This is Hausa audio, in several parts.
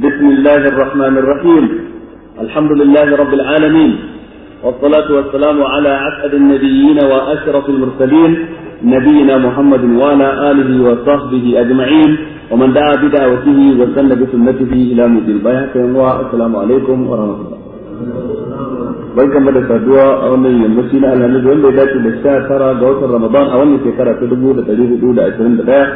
بسم الله الرحمن الرحيم الحمد لله رب العالمين والصلاة والسلام على أسعد النبيين وأشرف المرسلين نبينا محمد وعلى آله وصحبه أجمعين ومن دعا بدعوته وسن بسنته إلى مدير البيعة السلام عليكم ورحمة الله barkan mu da saduwa a wannan yammaci na alhamis wanda ya dace da sha tara ga watan ramadan a wannan shekara ta dubu da ɗari hudu da ashirin da ɗaya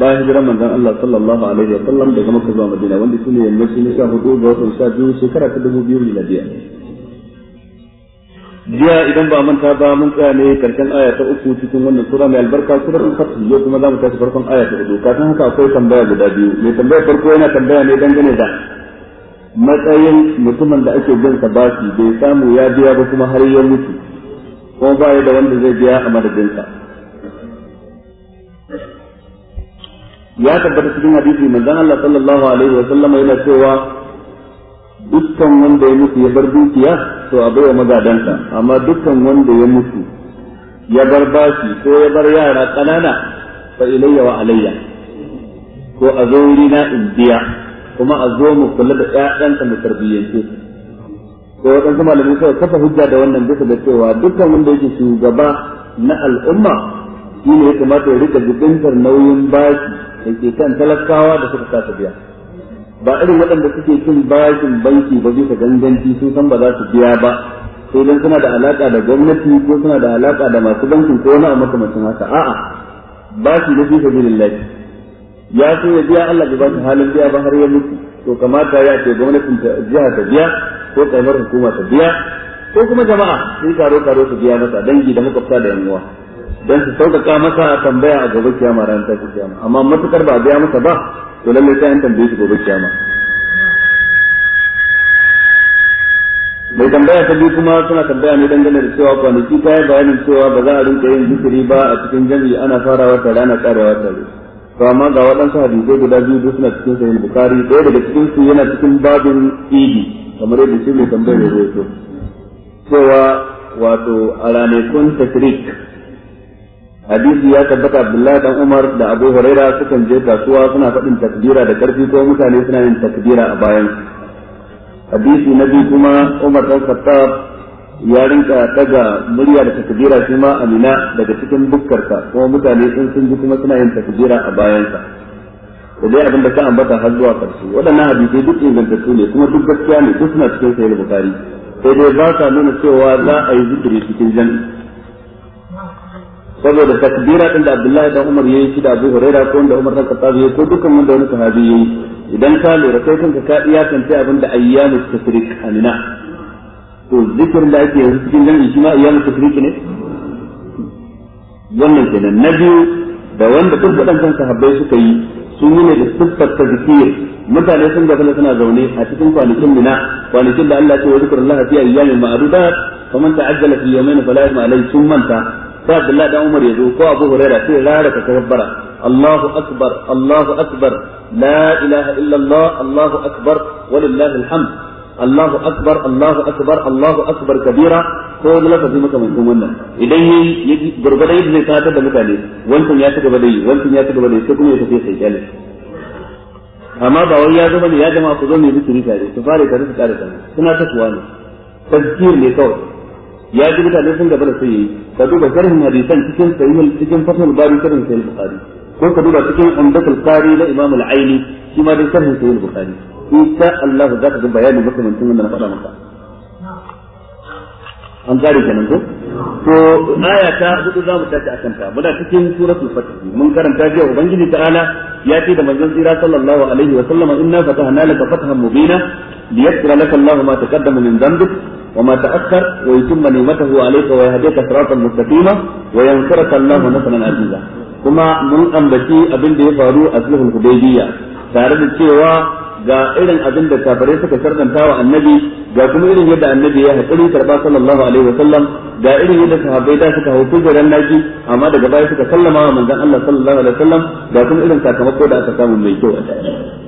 bayan manzon Allah sallallahu alaihi wa sallam daga Makka zuwa Madina wanda shine yammaci na sha hudu ga watan sha biyu shekara ta dubu biyu miladiya jiya idan ba manta ba mun tsaya ne karshen aya ta uku cikin wannan sura mai albarka yau kuma zamu tashi farkon aya ta kafin haka akwai tambaya guda biyu mai tambayar farko yana tambaya ne dangane da matsayin mutumin da ake jin sa bashi bai samu ya biya ba kuma har ya mutu kuma ba da wanda zai biya a sa ya tabbata cikin hadisi manzon Allah sallallahu alaihi wa sallam yana cewa dukkan wanda ya mutu ya bar dukiya to a baiwa sa amma dukkan wanda ya mutu ya bar bashi ko ya bar yara kanana fa ilayya wa alayya ko a na indiya in biya kuma a zo mu kula da ƴaƴanka mu tarbiyyance su ko waɗansu malamai kawai kafa hujja da wannan bisa da cewa dukkan wanda yake shugaba na al'umma shi ne ya kamata ya rika jibintar nauyin bashi da ke kan talakawa da suka sa biya ba irin waɗanda suke cin bashin banki ba bisa ganganci sun san ba za su biya ba sai dan suna da alaka da gwamnati ko suna da alaka da masu bankin ko wani a makamancin haka a'a bashi da bisa billahi ya so ya biya Allah bai ba shi halin biya ba har ya mutu to kamata ya ce gwamnatin ta jiha ta biya ko karamar hukuma ta biya ko kuma jama'a sun karo karo su biya masa dangi da makwabta da yan uwa dan su sauƙaƙa masa tambaya a gobe kiyama ran ta kiyama amma matukar ba biya masa ba to lalle sai an tambaye shi gobe kiyama mai tambaya ta biyu kuma suna tambaya ne dangane da cewa kwanaki ta yi bayanin cewa ba za a rinka yin zikiri ba a cikin jami'i ana farawa tare ana karewa tare to amma ga waɗansu hadisai guda biyu duk suna cikin sahih bukhari ɗaya daga cikin su yana cikin babin idi kamar yadda shi ne tambayar ya rawaito cewa wato a ranakun tashrik hadisi ya tabbata abdullahi dan umar da abu huraira sukan je kasuwa suna faɗin takbira da karfi ko mutane suna yin takbira a bayan hadisi na biyu kuma umar dan khattab ya rinka daga murya da takbira shi ma amina daga cikin bukkarsa kuma mutane sun sun ji kuma suna yin takbira a bayansa da dai abin da ka ambata har zuwa karshe wadannan hadisi duk ingantattu ne kuma duk gaskiya ne duk suna cikin sahih bukhari sai dai ba sa nuna cewa za a yi zikiri cikin jan. saboda takbira din da Abdullahi dan Umar yayi shi da Abu Hurairah ko da Umar dan Khattab yayi ko dukkan wanda wani sahabi yayi idan ka lura kai kanka ka iya kanta abin da ayyamu tasriq amina to zikirin da ake yanzu cikin jami'i shi ma iyalu tafriki ne wannan kenan na biyu da wanda duk waɗancan sahabbai suka yi sun yi ne da siffar ta zikir mutane sun ga suna zaune a cikin kwanakin mina kwanakin da Allah ya ce wa zikrullahi fi ayyamin ma'dudat faman ta'ajjala fi yawmayn fala yasma alayhi sun manta sai Abdullahi dan Umar ya zo ko Abu Hurairah sai rara ka tabbara Allahu akbar Allahu akbar la ilaha illallah Allahu akbar walillahi alhamd Allahu akbar Allahu akbar Allahu akbar kabira ko wani lafazi makamancin wannan idan ya gurgurda yadda zai tatar da mutane wancan ya ci gaba da wancan ya ci gaba da yi kuma ya tafi sai kyale amma ba wai ya zama ne ya jama'a ku zo ne zikiri tare su fare tare su kare tare suna tasowa ne tazkir ne ya ji ka duba sharhin hadisan cikin sahih cikin fatul bari sharhin ko ka duba cikin umdatul kari na imam al-aini shi ma dai sharhin sahih bukhari insha Allah za ka ga bayani makamantin wanda na faɗa maka an gare kenan ko to aya ta hudu za mu tashi akan ta muna cikin suratul fatih mun karanta jiya ubangiji ta'ala ya ce da manzon tsira sallallahu alaihi wa sallama inna fatahna laka fathan mubina liyaghfira laka Allahu ma taqaddama min dhanbik wa ma ta'akhkhar wa yutimma ni'matahu alayka wa yahdika siratan mustaqima wa yansuraka Allahu nasran kuma mun ambaci abin da ya faru a sulhul hudaybiyya tare da cewa ga irin abin da kafirai suka sardanta wa annabi ga kuma irin yadda annabi ya haƙuri karba sallallahu alaihi wa sallam ga irin yadda sahabbai da suka hau kujeran naki amma daga baya suka sallama wa manzon Allah sallallahu alaihi wa sallam ga kuma irin sakamako da aka samu mai kyau a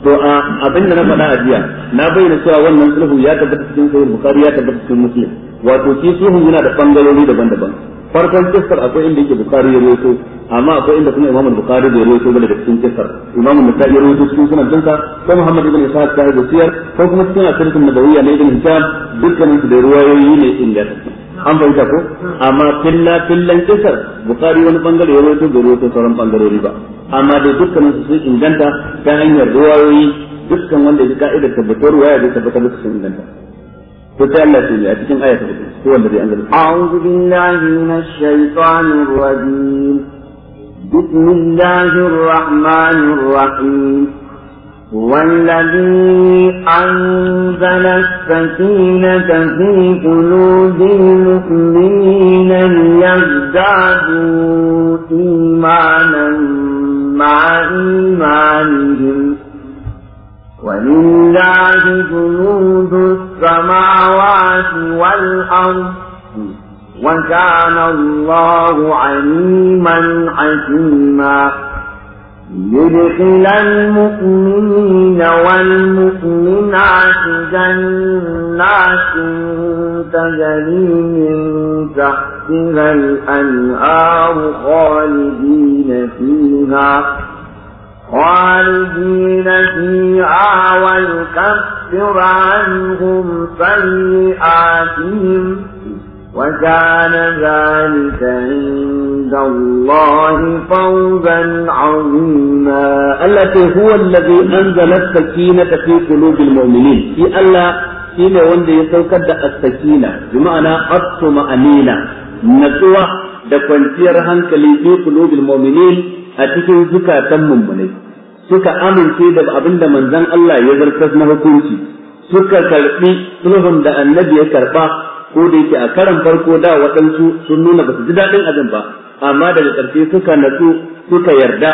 to a abin da na faɗa a jiya na bayyana cewa wannan sulhu ya tabbata cikin sahih bukhari ya tabbata cikin muslim wato shi sulhun yana da bangalori daban-daban farkon kistar akwai inda yake bukari ya rawaito amma akwai inda kuma imamu bukari bai rawaito bane da cikin kissar imamu nasa'i ya rawaito cikin sunan dinsa ko muhammad ibn isa ta da siyar ko kuma cikin asirin nabawiyya na ibn hisham dukkanin su da ruwayoyi ne inda an fahimta ko amma filla fillan kistar bukari wani bangare ya rawaito da rawaito sauran bangarori ba amma dai dukkanin su sun inganta ta hanyar ruwayoyi dukkan wanda ya ka'idar tabbatar ruwaya da tabbatar da su sun inganta تتألى في آية هو الذي أنزل أعوذ بالله من الشيطان الرجيم بسم الله الرحمن الرحيم هو الذي أنزل السكينة في قلوب المؤمنين ليزدادوا إيمانا مع إيمانهم ولله جنود السماوات والأرض وكان الله عليما حكيما ليدخل المؤمنين والمؤمنات جنات تجري من تحتها الأنهار خالدين فيها خالدين فيها ويكفر عنهم سيئاتهم وكان ذلك عند الله فوزا عظيما التي هو الذي أنزل السكينة في قلوب المؤمنين في الله shine wanda ya saukar da as-sakina bi ma'ana at-tuma'anina natsuwa da kwanciyar hankali fi qulubil mu'minin a cikin zukatan mummunai suka amince da abinda manzon Allah ya zartas na hukunci suka karbi sulhun da annabi ya karba ko da yake a karan farko da waɗansu sun nuna ba su ji daɗin abin ba amma daga ƙarshe suka natsu suka yarda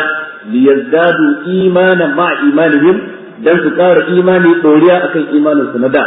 li yazdadu imanan ma imanihim dan su ƙara imani doriya akan imanin su na da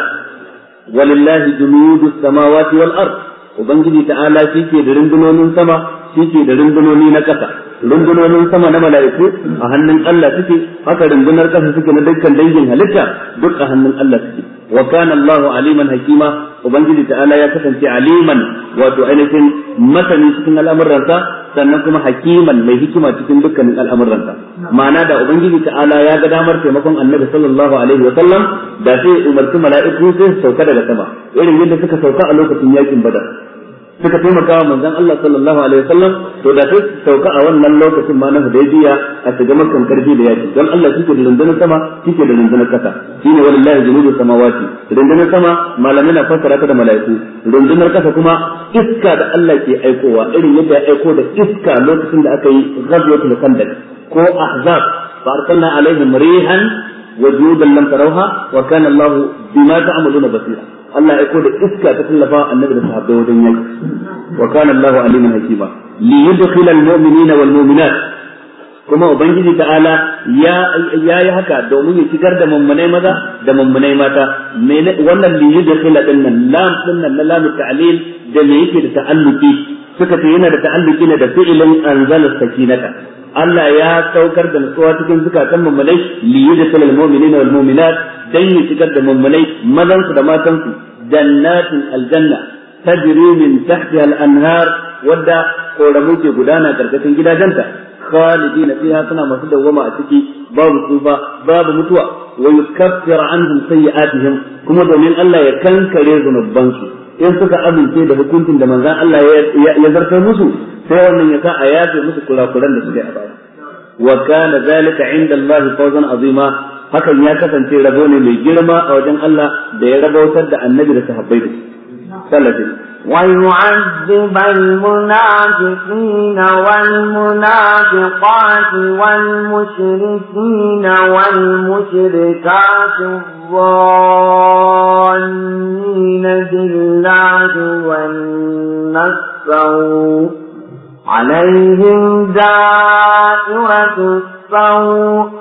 walillahi junudus samawati wal ard ubangiji ta'ala shi ke da rundunonin sama shi ke da rundunoni na ƙasa rundunonin sama na mala'iku a hannun Allah suke haka rundunar ƙasa suke na dukkan dangin halitta duk a hannun Allah suke wa kana Allahu aliman hakima ubangiji ta'ala ya kasance aliman wato ainihin masani cikin al'amuransa sannan kuma hakiman mai hikima cikin dukkanin al'amuransa ma'ana da ubangiji ta'ala ya ga damar taimakon annabi sallallahu alaihi wa sallam da sai umarci mala'iku sai sauka daga sama irin yadda suka sauka a lokacin yakin badar suka taimaka wa manzon Allah sallallahu alaihi wasallam to da duk sauka a wannan lokacin ma na Hudaybiya a shiga makan karfi da yaki don Allah ke da rundunar sama ke da rundunar kasa shine wallahi junudu samawati rundunar sama malamai na fassara ta da malaiku rundunar kasa kuma iska da Allah ke aikowa irin yadda ya aiko da iska lokacin da aka yi ghazwatul khandaq ko ahzab fa arsalna alaihim rihan wa junudan lam tarawha wa kana Allah bima ta'maluna basira Allah ya aiko da iska ta tallafa annabi da sahabbai wajen yaki wa kana Allah aliman hakima li yudkhila almu'minina wal mu'minat kuma ubangiji ta'ala ya yayi haka domin ya shigar da mummunai maza da mummunai mata wannan li yudkhila din lam din lam ta'lil da me yake da ta'alluqi suka ce yana da ta'alluki ne da fi'ilin anzala sakinata Allah ya saukar da nutsuwa cikin zukatan mummunai li yudkhil al mu'minina wal mu'minat dan yi shigar da mummunai mazan su da matan su jannatin aljanna tajri min tahtiha al anhar wadda koramu ke gudana karkashin gidajenta khalidina fiha suna masu dawwama a ciki babu tsufa babu mutuwa wa yukaffiru anhum sayyi'atihim kuma domin Allah ya kankare zunubansu in suka amince da hukuncin da manzan Allah ya zartar musu sai wannan ya sa a yafe musu kurakuran da suka yi a baya wa kana zalika inda Allah fawzan azima hakan ya kasance rabo ne mai girma a wajen Allah da ya rabautar da annabi da sahabbai da su. ثلاثة ويعذب المنافقين والمنافقات والمشركين والمشركات الظانين بالله والنصر عليهم دائرة الصوت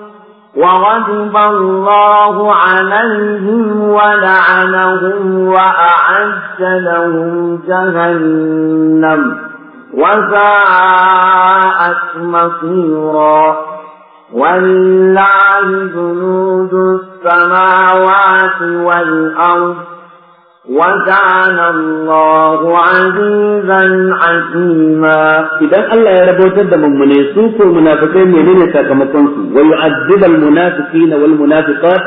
وغضب الله عليهم ولعنهم وأعز لهم جهنم وساءت مصيرا ولله جنود السماوات والأرض وكان الله عزيزا حكيما إذا الله يربوت الدم من يسوك والمنافقين يمين ساكمتنسو ويعذب المنافقين والمنافقات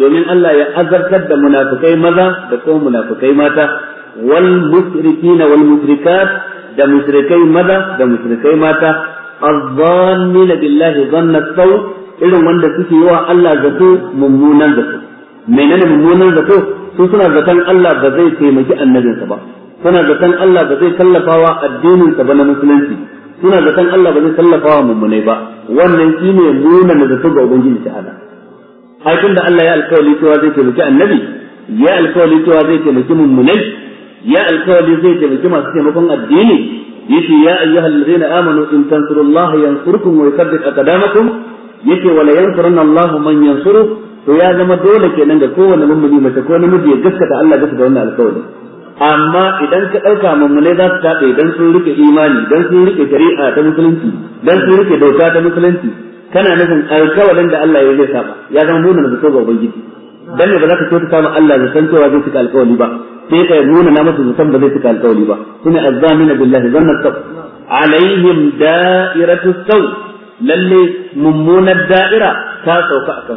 domin Allah ya azartar da munafikai maza da kuma munafikai mata wal musrikina wal musrikat da musrikai maza da musrikai mata azzannina billahi zanna sau irin wanda suke yi wa Allah zato mummunan zato su suna zaton Allah ba zai taimaki annabinsa ba suna zaton Allah ba zai tallafawa addininsa ba na musulunci suna zaton Allah ba zai tallafawa mummunai ba wannan shine nuna na zato ga ubangiji ta'ala ai da Allah ya alƙawari cewa zai taimaki annabi ya alƙawari cewa zai taimaki mummunai ya alkawari zai taimaki masu taimakon addini yace ya ayyuhal ladzina amanu in tansurullaha yansurkum wa yuthabbit aqdamakum yake wala yansurun Allahu man yansuru to ya zama dole kenan ga kowane mummuni mace ko namiji ya gaskata Allah gaskata wannan alƙawari amma idan ka ɗauka mummune za su taɓe dan sun rike imani dan sun rike shari'a ta musulunci dan sun rike doka ta musulunci kana nufin alƙawarin da Allah ya zai saba ya zama nuna da so ga ubangiji dan ne ba za ka kyautata ma Allah da san cewa zai cika alƙawari ba sai ka nuna na masa zaton ba zai cika alƙawari ba shine azzamina billahi zanna sab alaihim da'iratu saw lalle mummunar da'ira ta sauka a kansu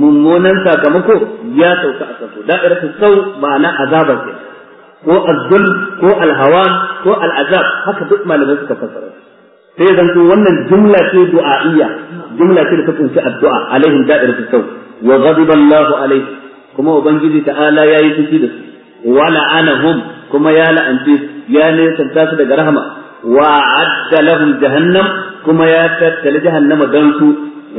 mummunan sakamako ya sauka a kansu ta sau ma'ana azabar ke ko azzul ko alhawa, ko al'azab haka duk malamai suka fassara sai zanto wannan jumla ce du'a'iyya jumla ce da ta kunshi addu'a alaihim ta sau wa ghadiba Allahu alaihi kuma ubangiji ta'ala yayi fushi da su wa la'anahum kuma ya la'anci ya ne su daga rahama wa adda lahum jahannam kuma ya tattali jahannama dan su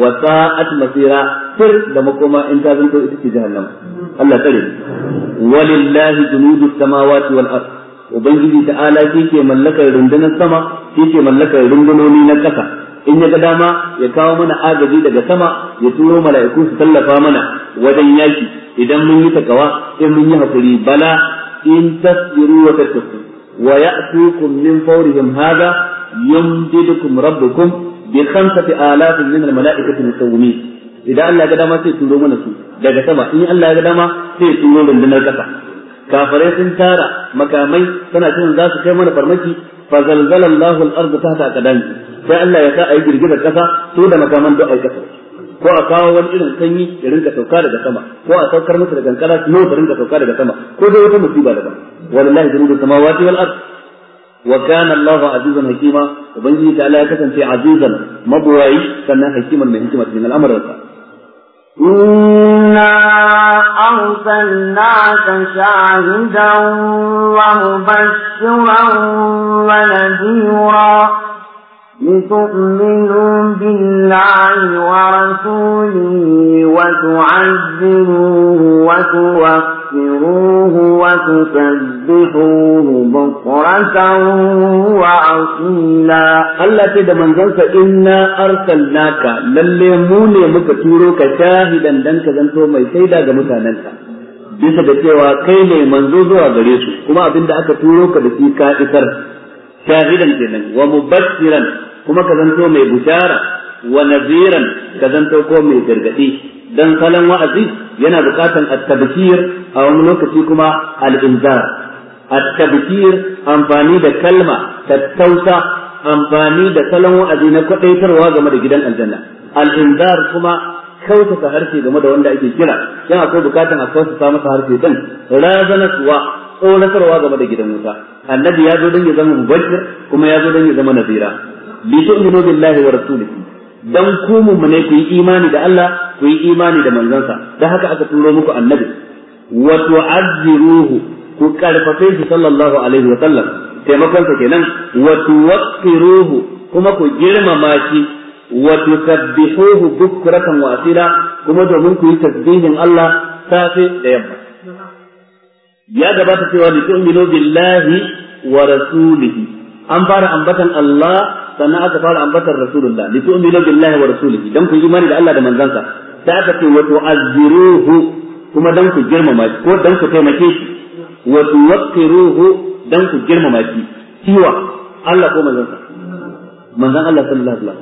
wa sa'at masira fir da makoma in ta zanto ita ce jahannama Allah tsare walillahi junudus samawati wal ard ubangiji ta'ala shi ke mallakar rundunar sama shi ke mallakar rundunoni na ƙasa in ya ga dama ya kawo mana agaji daga sama ya turo mala'iku su tallafa mana wajen yaki idan mun yi takawa in mun yi hakuri bala in tasbiru wa tattaku ويأتوكم من فورهم هذا يمددكم ربكم بخمسة آلاف من الملائكة مسومين idan Allah ya ga dama sai turo mana su daga sama in Allah ya ga dama sai turo rundunar kasa kafirai sun tara makamai suna cewa za su kai mana farmaki fa zalzala Allahu al-ardh tahta sai Allah ya sa yi girgizar kasa to da makaman ko a kawo wani irin sanyi ya rinka sauka daga sama ko a saukar masa da kankara snow ta rinka sauka daga sama ko dai wata musiba daban wallahi zuru da samawati wal ard wa kana Allah azizan hakima ubangiji ta Allah ya kasance azizan mabwai sannan hakiman mai hikima cikin al'amuransa إنا أرسلناك شاهدا ومبشرا ونذيرا لتؤمنوا بالله ورسوله وتعزروه وتوفروه وتسبحوه بكرة وأصيلا الله تدى من ذنك إنا أرسلناك لليمون مكتورك شاهدا دنك ذنك ميسيدا جمتانك bisa da cewa kai ne manzo zuwa gare su kuma abinda aka turo ka da shi ka isar shahidan kenan wa mubassiran kuma kazanto mai bujara wa naziran ka ko mai gargadi dan salon wa'azi yana bukatan at-tabkir a wani lokaci kuma al-inzar at-tabkir amfani da kalma tattausa amfani da salon wa'azi na kwadaitarwa game da gidan aljanna al-inzar kuma kautata harshe game da wanda ake kira yana ko bukatan a kautata masa harshe din razanatuwa tsoratarwa game da gidan musa annabi ya zo don ya zama mubashir kuma ya zo don ya zama nazira bi tu'minu billahi wa rasulihi dan ku ne ku yi imani da Allah ku yi imani da manzansa dan haka aka turo muku annabi wa tu'azziruhu ku karfafe shi sallallahu alaihi wa sallam taimakon sa kenan wa tuwaqqiruhu kuma ku girmama shi wa tusabbihuhu bukratan wa asila kuma domin ku yi tasbihin Allah safe da yamma ya gabata cewa da tu'minu billahi wa rasulihi an fara ambatan Allah sannan aka fara ambatan rasulullah li tu'minu billahi wa rasulihi dan ku imani da Allah da manzansa sai aka ce wa tu'azziruhu kuma dan ku girmama shi ko dan ku taimake shi wa tuwaqqiruhu dan ku girmama shi ciwa Allah ko manzansa manzan Allah sallallahu alaihi wasallam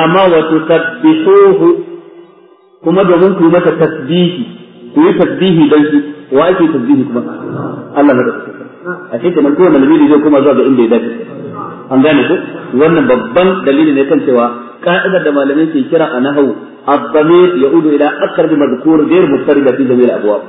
amma wa tusabbihuhu kuma domin ku yi masa tasbihi ku yi tasbihi dan shi wa ake tasbihi kuma Allah na da a ce kenan kowane lamiri zai koma zuwa ga inda ya dace an gane ko wannan babban dalili ne kan cewa ka'idar da malamai ke kira a nahau nahawu الضمير يعود الى اقرب مذكور غير مضطرب في ضمير الابواب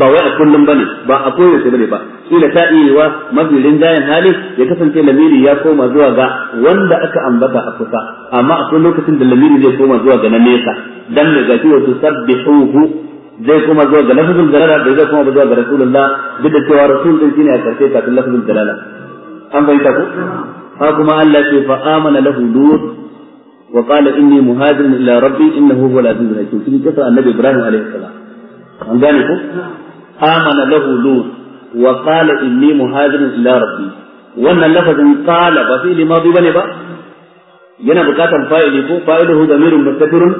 ba wai a kullum bane ba a koyaushe bane ba kila ta iya mafi rinjayen hali ya kasance lamiri ya koma zuwa ga wanda aka ambata a kusa amma akwai lokacin da lamiri zai koma zuwa ga na nesa dan ne ga kiwo su sabbihuhu zai kuma zuwa ga lafazin dalala da zai kuma zuwa ga rasulullah duk da cewa rasul din shine a karshe kafin lafazin dalala an fahimta ko ha kuma Allah ce fa amana lahu lut wa qala inni muhajirun ila rabbi innahu huwal azizul hakim cikin kasar annabi ibrahim alaihi salam an gane ku. amana lahu lut wa qala inni muhajirun ila rabbi wannan lafazin qala ba fi limadi bane ba yana bukatan fa'ili ko fa'iluhu damirun mustakirun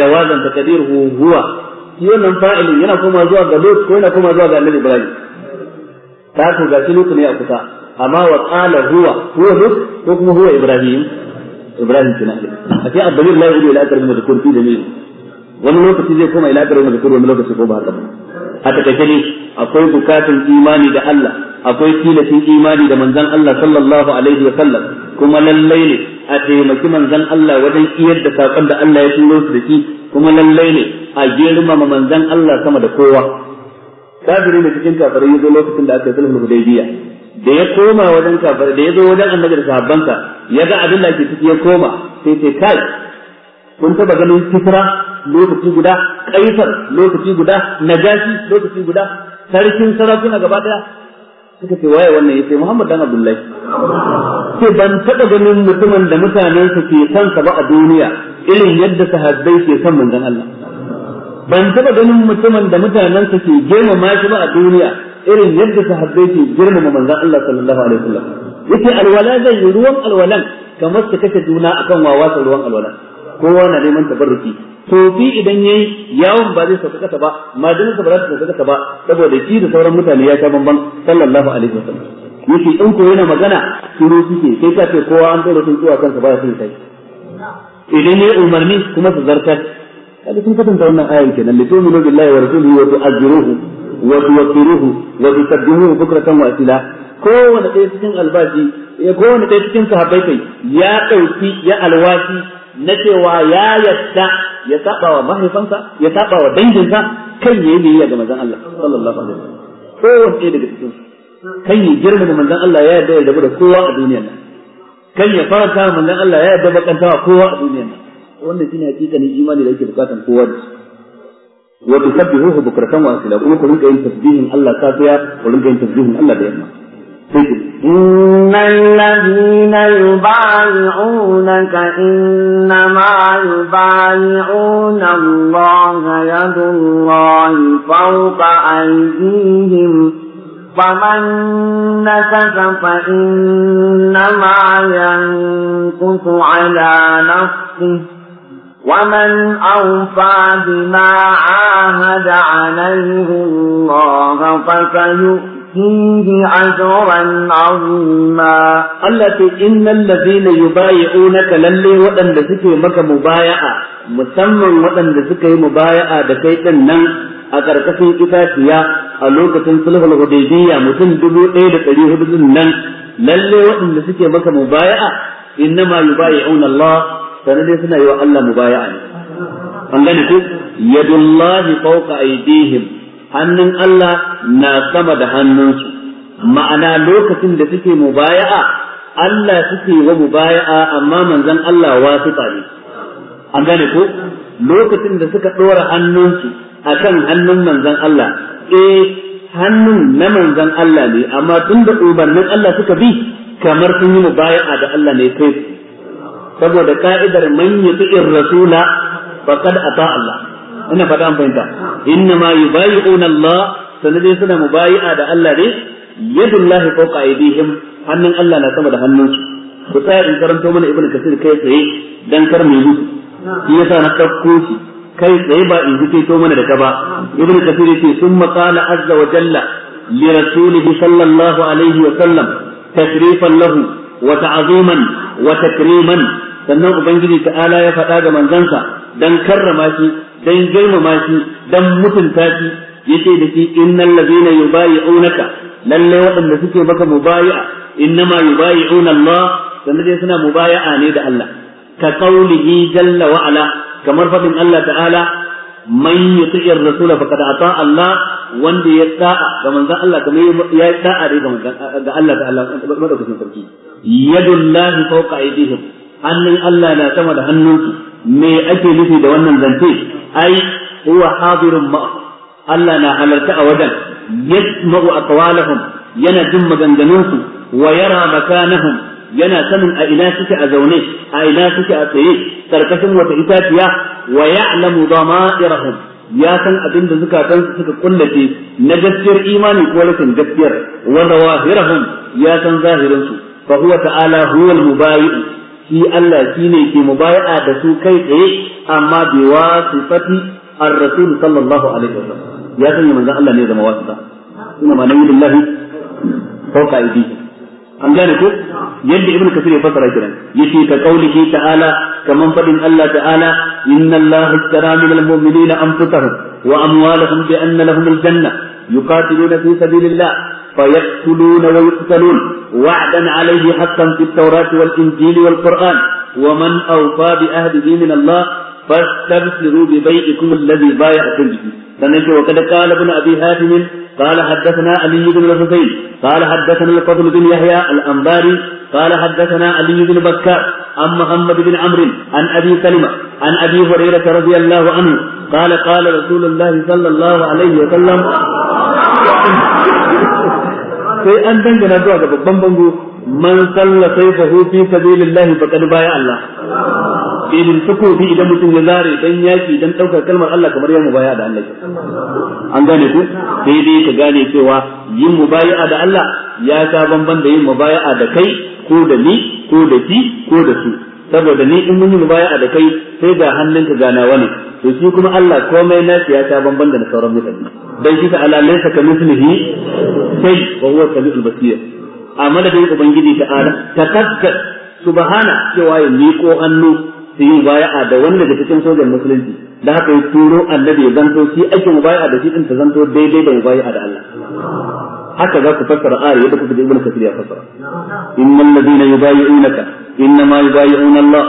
jawazan taqdiruhu huwa shi wannan fa'ilin yana koma zuwa ga Lut ko yana koma zuwa ga Annabi Ibrahim ta to ga shi Lut ne a kusa amma wa qala huwa huwa Lut ko kuma huwa Ibrahim Ibrahim kina a ce abdalil la ilaha illa anta al-madhkur fi ne wani lokaci zai koma ila da madhkur wani lokaci ko ba haka a takaice ne akwai bukatun imani da Allah akwai tilasin imani da manzon Allah sallallahu alaihi wa sallam kuma lallai ne a taimaki manzan Allah wajen iyar da sakon da Allah ya turo su da shi kuma lallai ne a ma manzan Allah sama da kowa kafiri da cikin kafirai yazo lokacin da aka yi sulhul hudaybiya da ya koma wajen kafirai da ya zo wajen annabi da sahabbansa ya ga abin da ke ciki ya koma sai sai kai kun taɓa ganin kisra lokaci guda kaisar lokaci guda najashi lokaci guda sarkin sarakuna gaba daya suka ce waye wannan yace Muhammad dan Abdullahi ce ban taɓa ganin mutumin da mutanen sa ke son sa ba a duniya irin yadda sahabbai ke san manzon Allah ban taɓa ganin mutumin da mutanen sa ke girmama shi ba a duniya irin yadda sahabbai ke girmama manzon Allah sallallahu alaihi wasallam yace alwala zai ruwan alwalan kamar su kashe juna akan wawasa ruwan alwalan kowa na neman tabarruki bi idan yayi yawon ba zai sauka kasa ba majalisa ba za ta sauka kasa ba saboda shi da sauran mutane ya sha bamban sallallahu alaihi wasallam yake in ko yana magana shiru suke sai ka ce kowa an tsoro sun zuwa kansa ba sun sai idan yayi umarni kuma su zartar kada sun kasance wannan ayan kenan tu'minu billahi wa rasulihi wa tu'azziruhu wa tuwaqiruhu wa tusabbihuhu bukratan wa asila kowane ɗaya cikin albashi eh, kowane ɗaya cikin sahabbai kai ya ɗauki ya alwashi na cewa ya yadda ya saba wa mahaifansa ya saba wa danginsa kan yayi biyayya ga manzon Allah sallallahu alaihi wasallam kowanne daga cikin kan yi girma girmama manzon Allah ya yarda ya rabu da kowa a duniyar nan kan ya faranta manzon Allah ya yarda bakantawa kowa a duniyar nan wannan shine hakikanin imani da yake bukatan kowa da shi wa tusabbihuhu bukratan wa asila kuma ku rinka yin tasbihin Allah safiya ku rinka yin tasbihin Allah da yamma إن الذين يبايعونك إنما يبايعون الله يد الله فوق أيديهم فمن نكث فإنما ينكث على نفسه ومن أوفى بما عاهد عليه الله فسيؤمن فيه عذرا عظيما التي إن الذين يبايعونك للي وأن لسكي مك مبايعة مسمى وأن لسكي مبايعة دكيت النم أتركسي إتاتيا ألوكة صلح الغديبية مسلم دبو إيد تريه بذنن للي وأن لسكي مك مبايعة إنما يبايعون الله سنلسنا يوأن مبايعة أنغاني كيف يد الله فوق أيديهم hannun Allah na sama da hannunsu ma'ana lokacin da suke mubaya'a Allah suke wa mubaya'a amma manzon Allah wasita ne an gane ko lokacin da suka ɗora hannunsu akan hannun manzon Allah eh hannun na manzon Allah ne amma tun da ubannin Allah suka bi kamar sun yi mubaya'a da Allah ne kai saboda ka'idar man yuti'ir rasula faqad ata Allah ina faɗa an fahimta inna ma yubayi'una Allah sanadai suna mubayi'a da Allah ne yadullahi fawqa aydihim hannun Allah na sama da hannunsu ku tsaya in karanto mana ibnu kasir kai tsaye dan kar mu yi shi yasa na dauko shi kai tsaye ba in to mana da ka ba ibnu kasir yace summa qala azza wa jalla li rasulihi sallallahu alaihi wa sallam tashrifan lahu wa ta'ziman wa takriman sannan ubangiji ta'ala ya faɗa ga manzansa dan karrama shi dan girmama shi dan mutunta shi yace da shi innal ladina yubayi'unaka lalle waɗanda suke maka mubayi'a innama yubayi'una Allah sannan dai suna mubayi'a ne da Allah ka qaulihi jalla wa ala kamar fadin Allah ta'ala man yuti'ir rasul faqad ata Allah wanda ya da'a ga manzon Allah kamar ya da'a dai ga Allah ta'ala madaukakin sarki yadullahi fawqa aydihim hannun Allah na sama da hannunsu me ake nufi da wannan zance ai huwa hadirun ma Allah na halarta a wajen yasma'u aqwalahum yana jin maganganunsu wa yara makanahum yana sanin a ina suke a zaune a ina suke a tsaye karkashin wata itaciya wa ya'lamu dhamirahum ya san abin da zukatan suka kullace na gaskiyar imani ko rashin gaskiyar wa zawahirahum ya san zahirin su fa huwa ta'ala huwal mubayyi shi Allah shi ne ke mubaya'a da su kai tsaye amma bi wasifati ar-rasul sallallahu alaihi wasallam ya sanya manzon Allah ne zama wasita ina ma nabi billahi fawqa aidi an gane ko yadda ibnu kasir ya fasara kiran yace ka kaulihi ta'ala kaman fadin Allah ta'ala inna Allah ishtara min al-mu'minina anfusahum wa amwalahum bi anna lahum al-janna yuqatiluna fi sabilillah فيقتلون ويقتلون وعدا عليه حقا في التوراة والإنجيل والقرآن ومن أوفى بأهله من الله فاستبشروا ببيعكم الذي بايعتم به سنجي وقد قال ابن أبي هاشم قال حدثنا علي بن الحسين قال حدثنا الفضل بن يحيى الأنباري قال حدثنا علي بن بكار عن محمد بن عمرو عن أبي سلمة عن أبي هريرة رضي الله عنه قال قال رسول الله صلى الله عليه وسلم sai an dangana zuwa ga babban bango man salla hu fi fa kad baya Allah idan bi idan mutum ya zare dan yaki dan daukar kalmar Allah kamar ya mubaya da Allah an gane ku sai dai ka gane cewa yin mubaya'a da Allah ya ta bamban da yin mubaya'a da kai ko da ni ko da ki ko da su saboda ni in mun yi baya da kai sai ga hannunka ganawa ne to shi kuma Allah komai na ya ta banban da sauran mutane dan shi ta ala laysa ka mislihi sai wa huwa samiul basir a dai ubangiji ta ala takakkar subhana cewa ya miko hannu su yi baya'a da wanda da cikin sojan musulunci da haka ya turo annabi ya zanto shi ake mubaya'a da shi din ta zanto daidai da mubaya'a da Allah haka za ku fassara ayar yadda kuka ji ibnu kathir ya fassara innal ladina yubayyi'unaka inna ma yubayyi'una Allah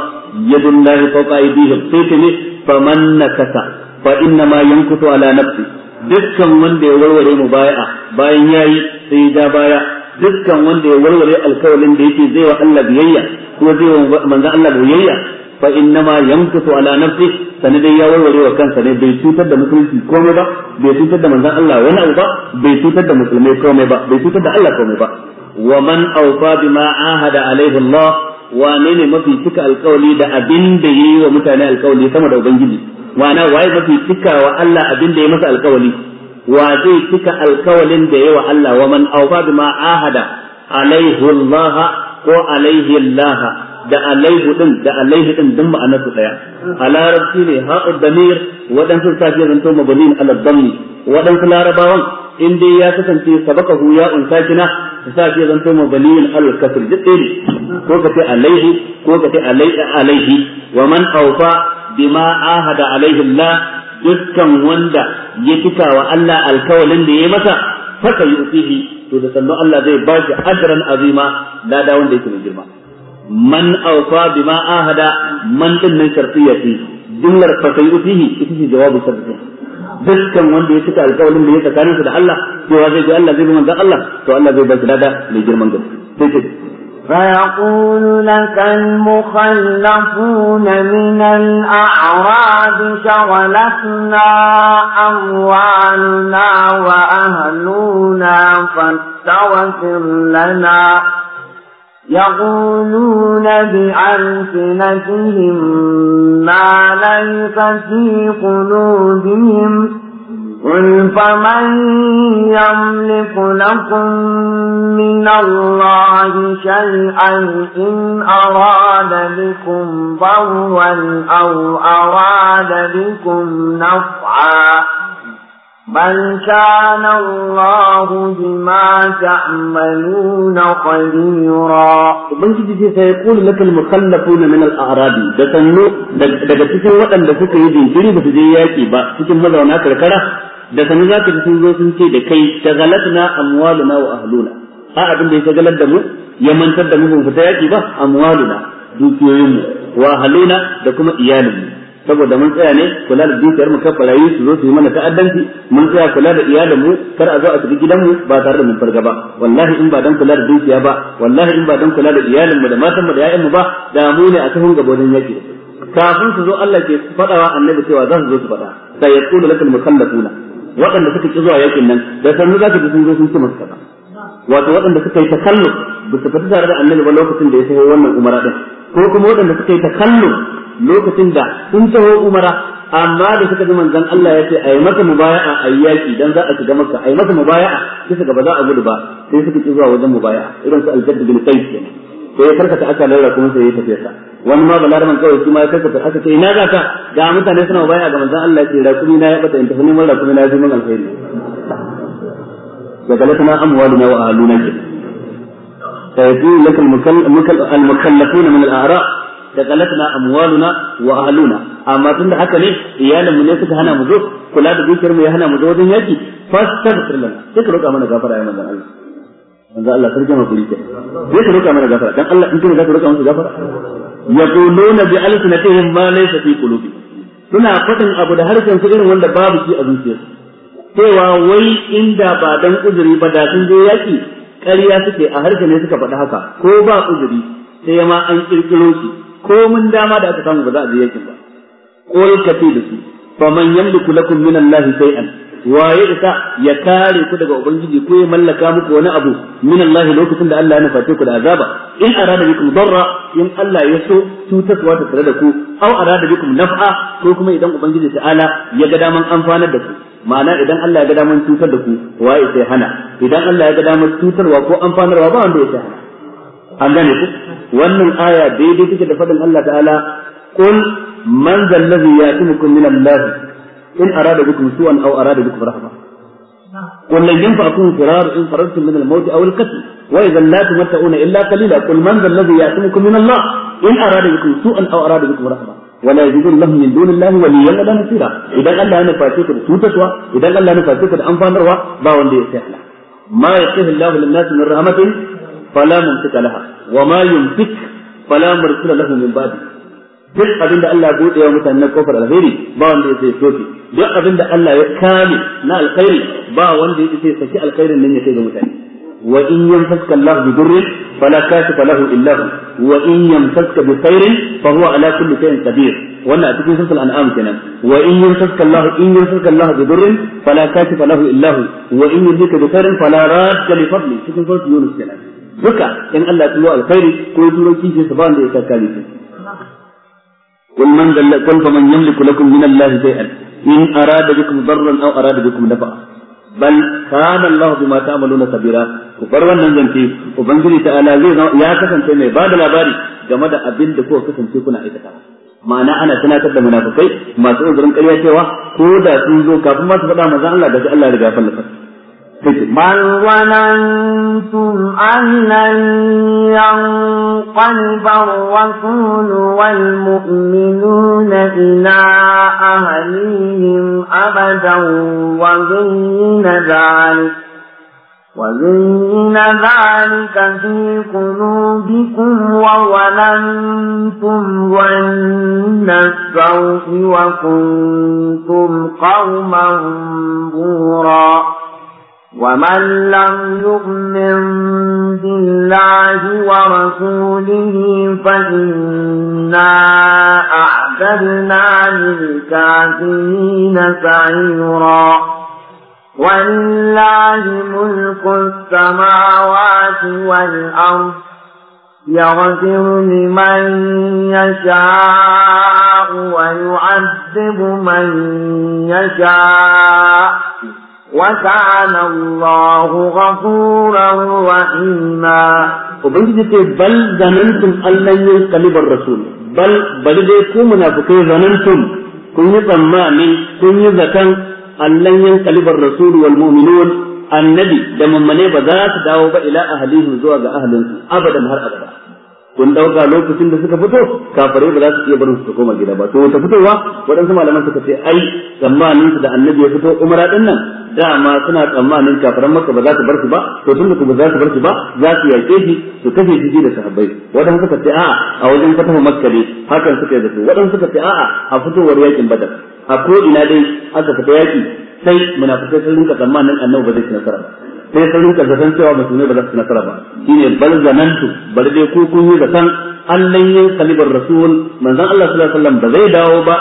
yadullahi fawqa aydihim sai ta ne faman nakasa fa innama yankutu ala nafsi dukkan wanda ya warware mu bayan yayi sai ya ja baya dukkan wanda ya warware alkawalin da yake zai wa Allah biyayya ko zai wa manzon Allah biyayya fa ma yamkutu ala nafsi sanadai ya warware wa kansa ne bai cutar da musulunci komai ba bai cutar da manzon Allah wani abu ba bai cutar da musulmai komai ba bai cutar da Allah komai ba wa man awfa bima ahada alaihi Allah wa ne mafi cika alkawali da abin da yi wa mutane alkawali sama da ubangiji ma'ana waye mafi cika wa Allah abin da ya masa alkawali wa zai cika alkawalin da ya wa Allah wa man awfa bima ahada alaihi Allah ko alaihi Allah da alaihu din da alaihu din duk ma'anar su daya a larabci ne ha'u damir waɗansu sa ke zanto mabanin ala dammi waɗansu larabawan in dai ya kasance sabaka hu ya unsa kina su sa ke zanto mabanin ala kasr duk ne ko ka ce alaihu, ko ka ce alaihi alaihi wa man awfa bima ahada alaihi Allah dukkan wanda ya cika wa Allah alkawalin da ya masa faka yusihi to da sannan Allah zai ba shi ajran azima lada wanda yake mai girma man awfa بما ahada man din nan shartiyya ce jumlar fasayu fihi ita jawabu dukkan wanda ya cika alƙawarin da ya tsakaninsa da Allah cewa zai ga Allah zai ga manzon Allah to Allah zai ba shi dada mai girman gaske sai ce فيقول لك المخلفون من الأعراب شغلتنا أموالنا وأهلنا فاستغفر لنا يقولون بألسنتهم ما ليس في قلوبهم قل فمن يملك لكم من الله شيئا إن أراد بكم ضرا أو أراد بكم نفعا بل كان الله بما تعملون خبيرا ubangiji sai ya kula lakal mukallafuna min al-a'rabi da sannu daga cikin waɗanda suka yi jinkiri ba su je yaki ba cikin mazauna karkara da sannu zaka ji sun zo sun ce da kai shagalatna amwaluna wa ahluna a abin da ya shagalar da mu ya mantar da mu ba fita yaki ba amwaluna dukiyoyin mu wa ahluna da kuma iyalin mu saboda mun tsaya ne kula da dukiyar mu kan barayi su zo su yi mana ta'addanci mun tsaya kula da iyalan mu kar a zo a shiga gidan mu ba tare da mun farga ba wallahi in ba dan kula da dukiya ba wallahi in ba dan kula da iyalan mu da matan mu da ƴaƴan mu ba da mu ne a cikin gabonin yaki kafin su zo Allah ke fadawa annabi cewa za su zo su fada sai ya kula lakal mukallafuna waɗanda suka ki zuwa yakin nan da sannu za ka ji sun zo sun ci masu kaza wato waɗanda suka yi takalluf ba su fita tare da annabi ba lokacin da ya sayo wannan umara din ko kuma waɗanda suka yi takalluf lokacin da sun taho umara amma da suka ji manzon Allah ya ce ayi masa mubaya'a ayi yaki dan za a shiga maka ayi masa mubaya'a sai suka ba za a gudu ba sai suka ci zuwa wajen mubaya'a irin su al-jadd bin qais kenan sai ya karkata aka lalla kuma sai ya tafi sa wani ma balaraman kawai shi ma ya karkata aka ce ina za ka ga mutane suna mubaya'a ga manzon Allah ya ce rakumi na ya bata in tafi neman rakumi na ya zama alheri daga lakana amwaluna wa ahluna ke sayyidu lakal mukallafuna min al-a'ra' da galatna amwaluna wa ahluna amma tun da haka ne iyalan mu ne suka hana mu zo kula da dukiyar mu ya hana mu zo wajen yaki fastaghfir lana sai ka roƙa mana gafara ya manzon Allah manzo Allah sarki ma kuri ke sai ka roƙa mana gafara dan Allah in kin za ka roƙa musu gafara yaquluna bi alsinatihim ma laysa fi qulubi suna faɗin abu da harshen su irin wanda babu shi a zuciyarsu cewa wai inda ba dan uzuri ba da sun je yaki ƙarya suke a harshe ne suka faɗi haka ko ba uzuri sai ma an kirkiro shi komin dama da aka samu ba za a je yakin ba ko ya da su fa man yamliku lakum min sai shay'an waye isa ya kare ku daga ubangiji ko ya mallaka muku wani abu min Allah lokacin da Allah ya nuface ku da azaba in arada bikum darra in Allah ya so cutarwa ta tare da ku aw arada bikum naf'a ko kuma idan ubangiji ta'ala ya ga daman amfanar da ku ma'ana idan Allah ya ga daman cutar da ku wa sai hana idan Allah ya ga daman cutarwa ko amfanarwa ba wanda ya hana an gane ku wannan aya daidai take da faɗin Allah ta'ala kul man zal ladhi ya'tikum min Allah in arada bikum su'an aw arada bikum rahma qul lan yanfa'akum firar in farartum min al-maut aw al-qatl wa idhan la tumta'una illa qalila qul man zal ladhi ya'tikum in arada bikum su'an aw arada bikum rahma ولا يجدون لهم من دون الله وليا ولا نصيرا اذا قال لها نفاسك بسوتك اذا قال لها نفاسك بانفان روى باون ما يقيه الله للناس من رحمه fala mumsika laha wa ma yumsik fala mursila lahu min ba'di duk abin da Allah ya bude wa mutanen kofar alheri ba wanda ya sai soke duk abin da Allah ya kame na alkhairi ba wanda ya sai saki alkhairin nan ya kai ga mutane wa in yamsaka Allah bi durrin fala kashifa lahu illa hu wa in yamsaka bi khairin fa huwa ala kulli shay'in qadir wannan a cikin suratul an'am kenan wa in yamsaka Allah in yamsaka Allah bi durrin fala kashifa lahu illa hu wa in yudika bi khairin fala radda li fadli cikin suratul yunus kenan duka in Allah ya turo alkhairi ko ya turo kishi su ba wanda ya saka ne kun man dalla kun fa man yamliku lakum min Allah shay'an in arada bikum darran aw arada bikum nafa bal kana Allah bima ta'maluna kabira ku bar wannan zance ubangiji ta'ala zai ya kasance mai bada labari game da abin da kuka kasance kuna aikatawa ma'ana ana tunatar da munafikai masu uzurin ƙarya cewa ko da sun zo kafin ma su faɗa manzon Allah da Allah ya riga fallasa بل ظننتم أن لن ينقلب الرسول والمؤمنون إلى أهليهم أبدا وزين ذلك وزين ذلك في قلوبكم وظننتم ظن السوء وكنتم قوما بورا ومن لم يؤمن بالله ورسوله فإنا أعتدنا للكافرين سعيرا ولله ملك السماوات والأرض يغفر لمن يشاء ويعذب من يشاء وكان الله غفورا رحيما وبنجدك بل ظننتم أن لن ينقلب الرسول بل بل ديكو منافقين ظننتم كن يظن مامي كن يذكن أن لن ينقلب الرسول والمؤمنون النبي لمن من بذات داوب إلى أهليه زوج أهل أبدا هر أبدا kun ɗauka lokacin da suka fito kafare ba za su iya barin su koma gida ba to wata fitowa waɗansu malaman suka ce ai tsammanin su da annabi ya fito umara din nan dama suna tsammanin kafaran maka ba za su bar su ba to tun da ba za su bar su ba za su yaƙe shi su kashe shi da sahabbai waɗansu suka ce a'a a wajen fatahu makka ne hakan suka yi da su waɗansu suka ce a'a a fitowar yakin badar a ko ina dai aka fita yaki sai munafikai sun rinka tsammanin annabi ba zai ci nasara sai sun rinka zaton cewa musulmai ba za su nasara ba Shi ne bal zanantu bal dai ko kun yi zaton allan yin kalibar rasul manzon Allah sallallahu alaihi wasallam ba zai dawo ba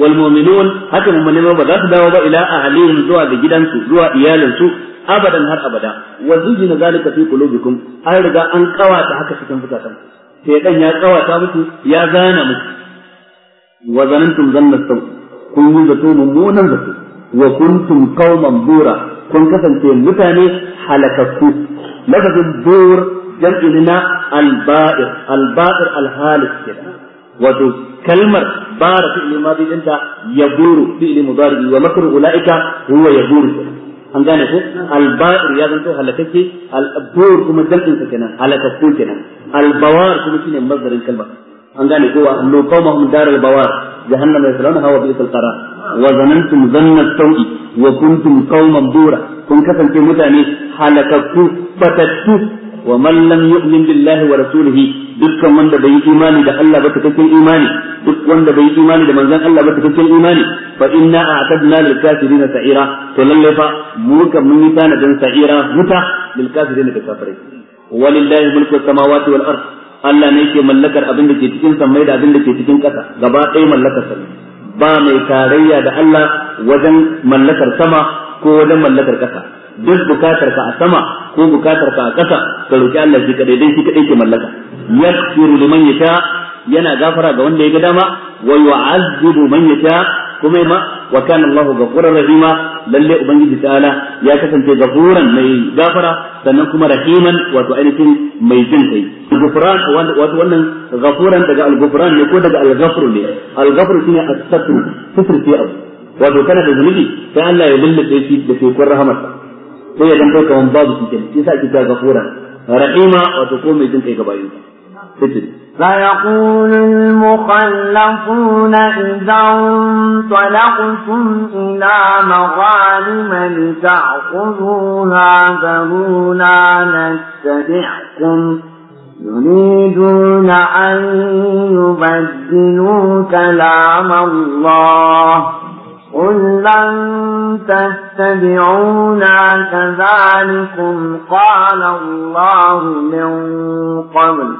wal mu'minun haka mu'minai ba za su dawo ba ila ahlihim zuwa da gidansu zuwa iyalinsu abadan har abada wa zujina zalika fi qulubikum an riga an kawata haka cikin zukatan sai dan ya kawata muku ya zana muku wa zanantum zanna kun yi zato mummunan zato wa kuntum qauman bura kun kasance mutane halakakku lafazin dur jam'i na alba'ir alba'ir alhalik kenan wato kalmar bara fi'li madi dinta yaburu fi'li mudari wa makru ulaika huwa yaburu an gane ko alba'ir ya zanto halakakke al-bur kuma jam'in sa kenan halakakku kenan albawar kuma shine mazdarin kalmar an gane ko wa annabawmahum daral bawar jahannama hawa wa bi'sal qarar wazanan zanantum zanna sawi wa kuntum qauman dura kun kasance mutane halakaku batattu wa man lam yu'min wa rasuluhi dukkan wanda bai yi imani da Allah ba cikakken imani duk wanda bai yi imani da manzon Allah ba cikakken imani fa inna a'tadna lil kafirin sa'ira to lallai fa mu tanadin sa'ira muta lil kafirin da kafirai walillahi mulku Allah ne ke mallakar abin da ke cikin sammai da abin da ke cikin ƙasa gaba ɗaya mallakar ba mai tarayya da Allah wajen mallakar sama ko wajen mallakar ƙasa duk bukatar ka a sama ko bukatar ka a ƙasa ka roki Allah shi kadai dai shi kadai ke mallaka yaghfiru liman yasha yana gafara ga wanda ya ga dama wa yu'azzibu man yasha kuma ma wa kana Allahu ghafurur rahima lalle ubangiji ta'ala ya kasance gafuran mai gafara sannan kuma rahiman wato ainihin mai jin kai gufran wato wannan gafuran daga al-gufran ne ko daga al-ghafur ne al-ghafur shine as-satr sitr fi abu wato kana da zunubi sai Allah ya lullube shi da tekun rahamarsa sai ya danko kaman babu shi kenan yasa ake ta rahima wato ko mai jin kai ga bayinsa sitr فيقول المخلفون إذا انطلقتم إلى مظالم لتأخذوها ذرونا نتبعكم يريدون أن يبدلوا كلام الله قل لن تتبعونا كذلكم قال الله من قبل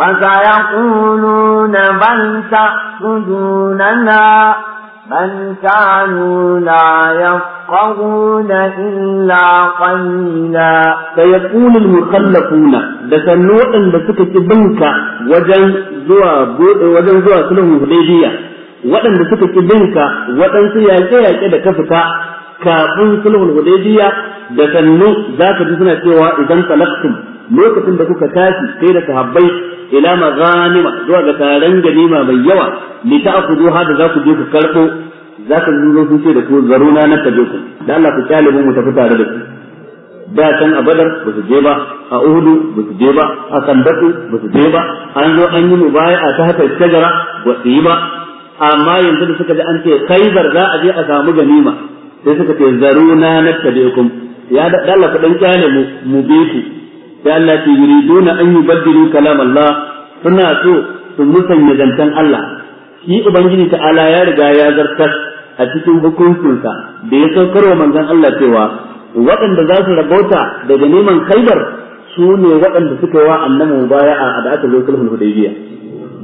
فسيقولون بل تحسدوننا بل كانوا لا يفقهون إلا قليلا سيقول المخلفون لسنوء لسكة بنك وجن زوا وجن زوا سنه هديبية waɗanda suka ci binka waɗansu yaƙe-yaƙe da ka fita kafin sulhul hudaybiya da sannu za ka ji suna cewa idan talaktum lokacin da kuka tashi sai da sahabbai ila maghanima zuwa ga taron ganima mai yawa li ta'khudhu hada za ku je ku karbo za ka zo sun ce da ku zaruna na tabe ku da Allah ku kyale mu tafi tare da ku da can a badar ba su je ba a uhudu ba su je ba a sandaku ba su je ba an zo an yi a ta haka shajara ba su yi ba amma yanzu da suka ji an ce khaibar za a je a samu ganima sai suka ce zaruna na tabe ku ya da Allah ku dan kyale mu mu bi ku ya Allah ce yuriduna an yubaddilu kalam Allah suna so su musanya zantan Allah shi ubangiji ta'ala ya riga ya zartar a cikin hukuncinsa da ya saukar wa manzon Allah cewa waɗanda za su rabauta daga neman kalbar su ne waɗanda suka wa annabi mubaya'a da aka zo sulhul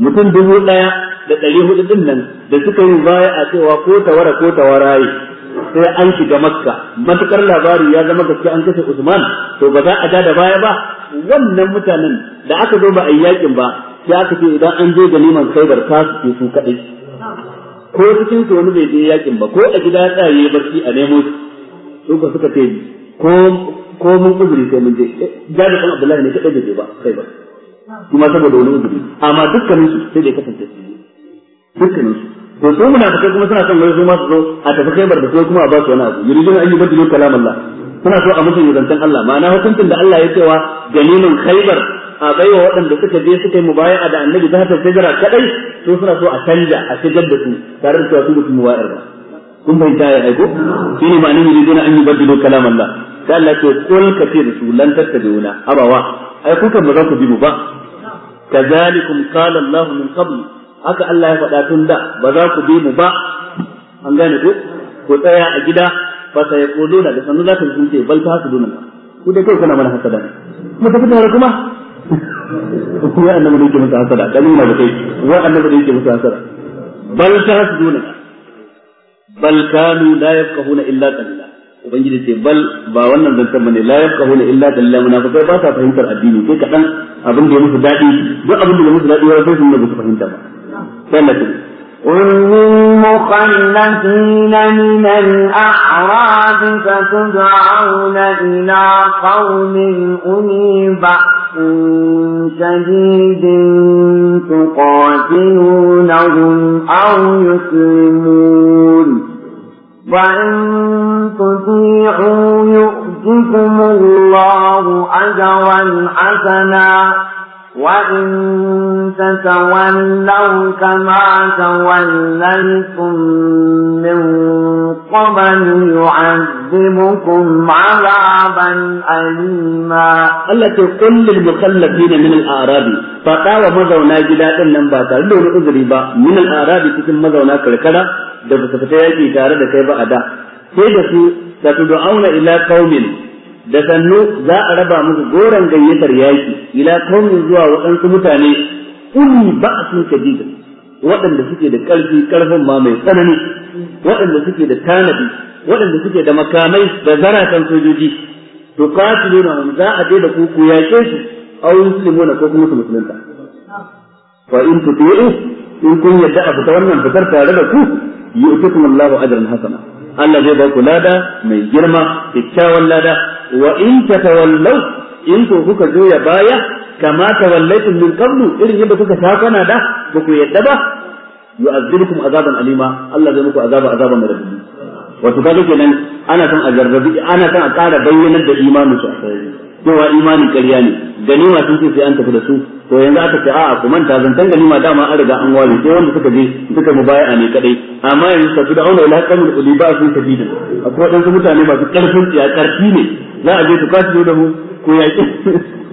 mutum dubu ɗaya da ɗari hudu ɗin nan da suka yi baya a cewa ko tawara ko tawaraye sai an shiga makka matukar labari ya zama gaske an kashe usman to ba za a da baya ba wannan mutanen da aka zo ba a yakin ba sai aka ce idan an je ganiman saibar ta su su kaɗai ko cikin su wani bai je yakin ba ko a gida tsaye barci a nemo su ba suka ce ko ko mun kuzuri sai mun je jabi kan abdullahi ne kadai je ba kai ba kuma saboda wani kuzuri amma dukkanin su sai dai kasance su dukkanin su to su munafikai kuma suna son wai su ma su zo a tafi khaibar da su kuma a ba su wani abu yuridun an yubaddilu kalamallah suna so a musu yuzantan Allah ma'ana hukuncin da Allah ya cewa ganimin khaibar a baiwa waɗanda suka je suka yi mubaya'a da annabi za ta sigara kadai to suna so a canja a shigar da su tare da cewa su mutum mubayar ba kun fahimta ya aiko shi ne ma'anin yuridun an yubaddilu kalamallah da Allah ce kul ka ce da su lan wuna? abawa ai kukan ba za ku bi mu ba kazalikum qala Allah min qabl haka Allah ya faɗa tun da ba za ku bi mu ba an gane ku ku tsaya a gida ba sai ku zo da sanu za ku sun ce bal ta su dunan ku da kai kana mana hasada mu tafi tare kuma ku ya annabi da yake musu hasada na da kai wa annabi da yake musu hasada bal ta su dunan bal kanu la yafqahuna illa qalila ubangiji ce bal ba wannan zantar bane la yafqahuna illa qalila munafiqai ba sa fahimtar addini sai kadan abin da ya musu dadi duk abin da ya musu dadi wai sai sun ba su fahimta ba ثلاثة قل للمخلفين من الأعراب فتدعون إلى قوم أولي بأس شديد تقاتلونهم أو يسلمون وإن تطيعوا يؤتكم الله أجرا حسنا وإن تتولوا كما توليتم من قبل يعذبكم عذابا أليما التي قل للمخلفين من الأعراب فقال مزونا جدا إن لم باتر دون أذريبا من الأعراب تتم مزونا كالكلا دفتفتيا كي تارد كيف أدا كيف تدعون إلى قوم da sannu za a raba musu goron gayyatar yaki ila kaumin zuwa waɗansu mutane sun ba'sun shadid waɗanda suke da ƙarfi ƙarfin ma mai tsanani waɗanda suke da tanadi waɗanda suke da makamai da zaratan sojoji tuqatiluna za a je da kuku ku yaƙe su aw yuslimuna ko kuma su musulunta fa in tuti'u in kun yadda a fita wannan fitar tare da ku yu'tikum Allahu ajran hasana Allah zai ba ku lada mai girma kyakkyawan lada wa in ta tatawallaw in ko kuka juya baya kama tawallaytum min qablu irin yadda kuka sakana da ba ku yadda ba yu'azzibukum azaban alima Allah zai muku azaba azaban da radadi wato kaga kenan ana san a jarrabi ana san a ƙara bayyanar da imanin su a sarari cewa imanin ƙarya ne ganima sun ce sai an tafi da su to yanzu aka ce a'a zan manta zantan ganima dama an riga an ware sai wanda suka je suka mu baya ne kadai amma yanzu ta da auna ila kamul uli ba sun tafi da akwai wadansu mutane masu karfin tsiya karfi ne za a je su kasu da mu ko yaƙi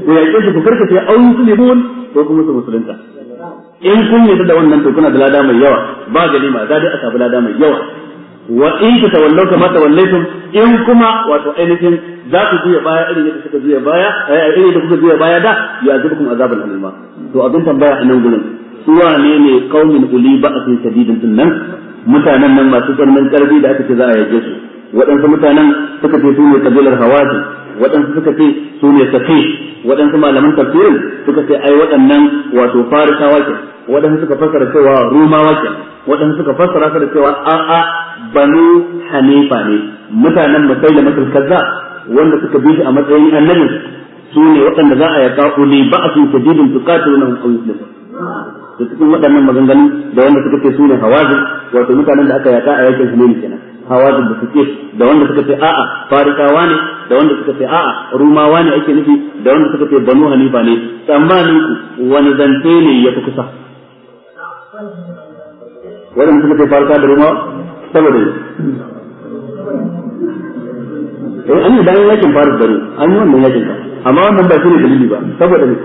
ko yaƙi su ku sai auni su ne ko kuma su musulunta in kun yi da wannan to kuna da lada mai yawa ba ganima za dai a sabu lada mai yawa wa in ta tawallau kama tawallaitum in kuma wato ainihin za ku juya baya irin yadda suka juya baya ai eh, irin da kuka juya baya da ya zuba kuma azaban alima to abin tambaya a nan gurin suwa ne ne qaumin uli ba'sin shadidin din nan mutanen nan masu tsananin karfi da aka ce za a yake su waɗansu mutanen suka ce su ne kabilar hawaji waɗansu suka ce su ne safi waɗansu malaman tafsirin suka ce ai waɗannan wato farisa ke waɗansu suka fassara cewa rumawa ke waɗansu suka fassara su da cewa a'a banu hanifa ne mutanen da musailama kaza wanda suka bi shi a matsayin annabi su ne waɗanda za a yaka uli ba'sun shadidun tuqatilunhum aw yuslimun da cikin waɗannan maganganun da wanda suka ce su ne hawazin wato mutanen da aka yaka a yakin ne kenan hawazin da suke da wanda suka ce a'a farikawa ne da wanda suka ce a'a rumawa ne ake nufi da wanda suka ce banu hanifa ne tsammanin ku wani zance ne ya fi kusa wani suka ce farika da rumawa saboda eh an yi bayan yakin faris bane an yi wannan yakin ba amma wannan ba shine dalili ba saboda ne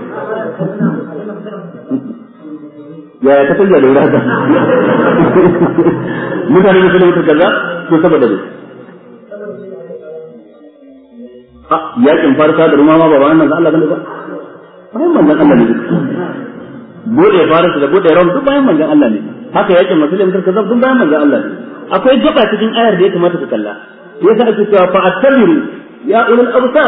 ya ka tsaya da wuri haka mutane da sunan kaza ko saboda ne a yakin farisa da rumawa ba wannan Allah da ba bayan manzon Allah ne bude farisa da bude rom duk bayan manzon Allah ne haka yakin musulmi kaza duk bayan manzon Allah ne akwai gaba cikin ayar da ya kamata ku kalla sa ake cewa fa attabiru ya ulul absar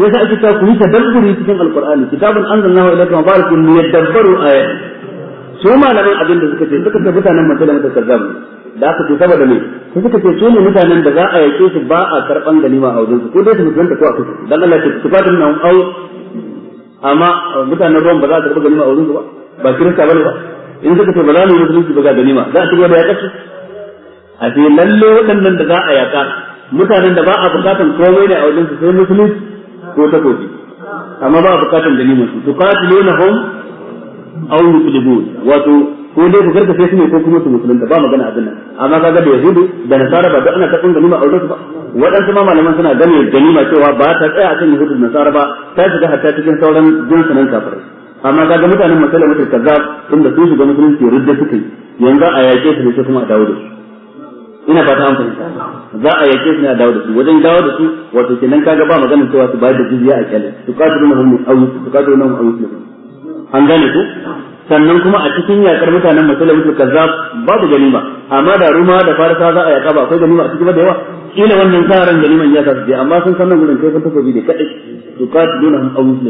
sa ake cewa ku yi tadabburi cikin alqur'ani kitabun anzalnahu ilayka mubarakun liyadabbaru ayat su malamin abin da suka ce suka ce mutanen manzo da kazzabu da aka ce saboda me su suka ce su ne mutanen da za a yake su ba a karban ganima a wajen su ko dai su mutunta ko a kusa dan Allah ce su fadin nan au amma mutanen ruwan ba za a karba ganima a wajen su ba ba kirista bane ba in suka ce ba za mu yi mutunci ba ga ganima za a ci gaba da kace a ce lalle waɗannan da za a yaƙa mutanen da ba a buƙatan komai ne a wajen su sai musulunci ko takobi amma ba a buƙatan ganimar su tuqatilunahum aw yuqlibun wato ko dai ku karkace su ne ko kuma su musulunta ba magana abin nan amma kaga da yahudu da nasara ba duk ana karɓan ganima a wajen su ba waɗansu ma malaman suna gane ganima cewa ba ta tsaya akan yahudu da nasara ba ta shiga hatta cikin sauran jinsunan kafirai amma kaga mutanen masalamatul kazzab da su shiga musulunci rudda suka yi yanzu a yaƙe su ne sai kuma a dawo da su ina fata an fahimta za a yake su a dawo da su wajen dawo da su wato kenan kaga ba magana cewa su bayar da jiziya a kyale su kasu na hum aw su kasu na hum aw an gane ku sannan kuma a cikin yakar mutanen musulmi kaza babu ganima amma da ruma da farisa za a yaka ba akwai ganima a cikin da yawa kila wannan tsarin ganiman ya tafi amma sun san nan gudun kai kun tafi da kadai su kasu na hum aw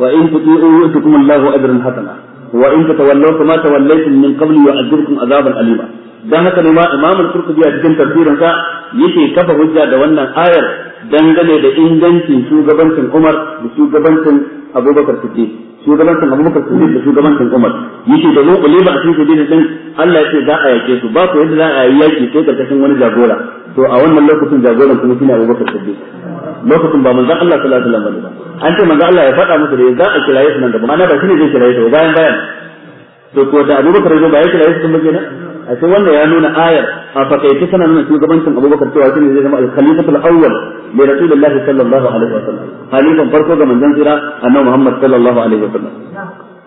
wa in tuti'u ta Allahu ajran hasana wa in tatawallaw kama tawallaytum min qabli yu'adhibkum adhaban alima dan haka ne ma Imam al-Qurtubi a cikin tafsirin sa yake kafa hujja da wannan ayar dangane da ingancin shugabancin Umar da shugabancin Abubakar Siddiq shugabancin Abubakar Siddiq da shugabancin Umar yake da lokuli ba a cikin dinin din Allah ya ce za a yake su ba ko yadda za a yi yaki sai karkashin wani jagora to a wannan lokacin jagoran kuma shine Abubakar Siddiq lokacin ba manzon Allah sallallahu alaihi wasallam ba an ce manzon Allah ya faɗa musu da za a kiraye su nan da ba ana ba shine zai kiraye su bayan bayan to ko da Abubakar ya zo ba ya kiraye su kuma kenan a sai wannan ya nuna ayar a fakaice tana nuna shugabancin abubakar cewa shine zai zama al-khalifatul awwal li rasulillahi sallallahu alaihi wasallam halifan farko ga manzon tsira annabi muhammad sallallahu alaihi wasallam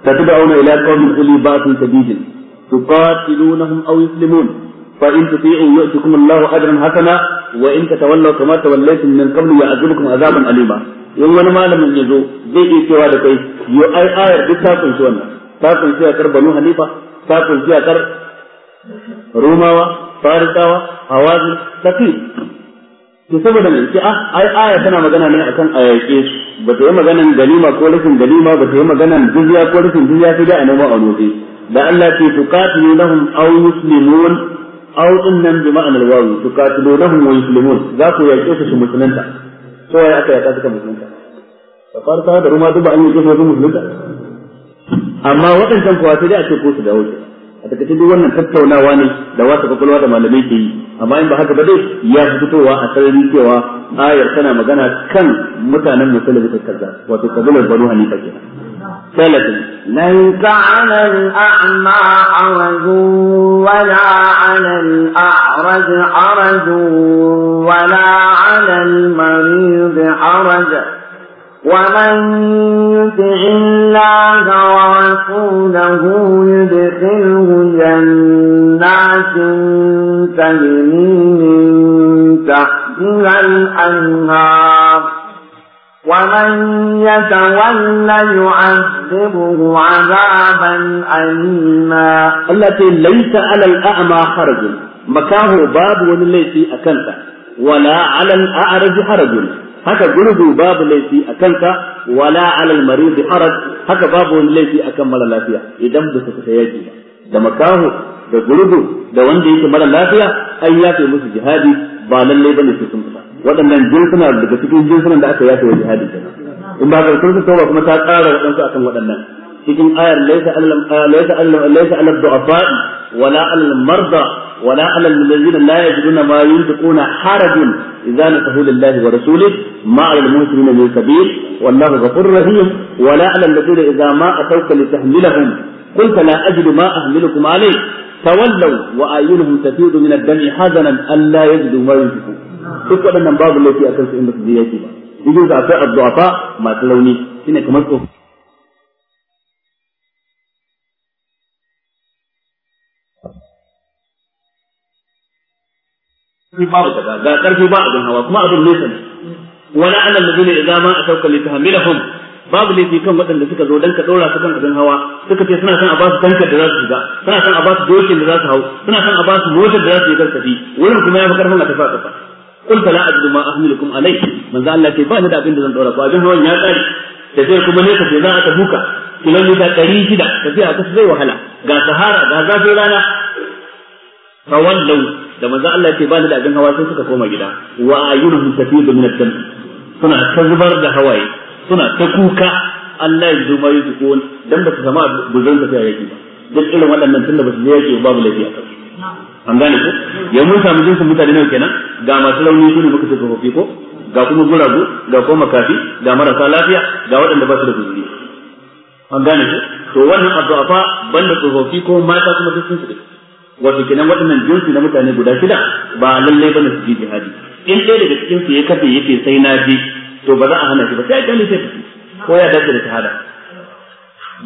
تتبعون إلى قوم أولي بأس شديد تقاتلونهم أو يسلمون فإن تطيعوا يؤتكم الله أجرا حسنا وإن تتولوا كما توليتم من قبل يعذبكم عذابا أليما in wani malamin ya zo zai iya cewa da kai yo ai ayar duk ta kunshi wannan ta kunshi a kar banu hanifa ta kunshi a kar rumawa farisawa hawazin tafi to saboda mai ce ah ai aya tana magana ne akan a yaƙe ba ta yi maganan ganima ko rashin ganima ba ta yi maganan jizya ko rashin jizya sai dai a nemo a nufi da Allah ce tuqatilu lahum aw yuslimun aw innan bi ma'anar wawu tuqatilu lahum wa yuslimun za ku yaƙe su su musulunta to ya aka yaƙa suka musulunta da farisawa da ruma duk ba an yaƙe su musulunta amma waɗancan kuwa sai dai a ce ko su dawo a takaice duk wannan tattaunawa ne da wata kwakwalwa da malamai ke yi amma in ba haka ba dai ya fi fitowa a sarari cewa ayar tana magana kan mutanen musulun da kaza wato kabilar banu hanifa kenan salatin من كان الأعمى حرج ولا على الأعرج حرج ولا على المريض حرج ومن يطع الله ورسوله يدخله جنات تجري من تحتها الأنهار ومن يتولى يعذبه عذابا أليما التي ليس على الأعمى حرج مكاه باب وليس أكنت ولا على الأعرج حرج haka gurgu babu laifi a kansa wala alal maridi haraj haka babu wani laifi akan mara lafiya idan ba su fita yaki ba da makaho da gurgu da wanda yake mara lafiya ai ya kai musu jihadi ba lallai bane su sun fita waɗannan jinsuna daga cikin jinsunan da aka yafe wa jihadi kenan in ba ga sun fita kuma ta ƙara waɗansu akan waɗannan cikin ayar laysa alal laysa alal laysa alal du'afa wala alal marda ولا على الذين لا يجدون ما ينفقون حرج إذا نصحوا لله ورسوله ما على المسلمين من سبيل والله غفور رحيم ولا على الذين إذا ما أتوك لتحملهم قلت لا أجد ما أحملكم عليه تولوا وأعينهم تفيض من الدم حزنا ألا يجدوا ما ينفقون duk waɗannan babu laifi a kansu in ba su je yaki ba. Idan za a kai addu'a ba masu launi shine kamar tsofi. shi babu ga karfi ba abin hawa kuma abin nesa ne wala ana lazina idza ma atawka litahmilahum babu laifi kan waɗanda suka zo dan ka ɗora su kan abin hawa suka ce suna son a basu tankar da za su shiga suna son a basu dokin da za su hau suna son a basu motar da za su yi karkafi wurin kuma ya fi karfin a tafi a kafa kun fala ajidu ma ahmilukum alai manzo Allah ce ba ni da abin zan ɗora ku abin hawan ya tsare da zai kuma ne za a tabuka kilomita ɗari shida tafiya ta zai wahala ga sahara ga zafin rana fawallau da manzo Allah ce ba da abin hawa sai suka koma gida wa ayyuhum tafidu min ad-dam suna ta zubar da hawaye suna ta kuka Allah ya zuma yi dukon dan ba su sama guzon tafiya yake ba duk irin waɗannan tunda ba su je yake babu lafiya a an gane ko ya mun samu jinsu mutane nawa kenan ga masu rauni su ne muka tafi kofi ko ga kuma guragu ga kuma kafi ga marasa lafiya ga waɗanda ba su da guzuri an gane ko to wannan addu'a fa banda tsofaffi ko mata kuma duk sun su wato kenan waɗannan jinsi na mutane guda shida ba lallai bane su ji jihadi in ɗaya daga cikin su ya kafe yake sai na bi to ba za a hana shi ba sai a kyale sai tafi ko ya dace da shahada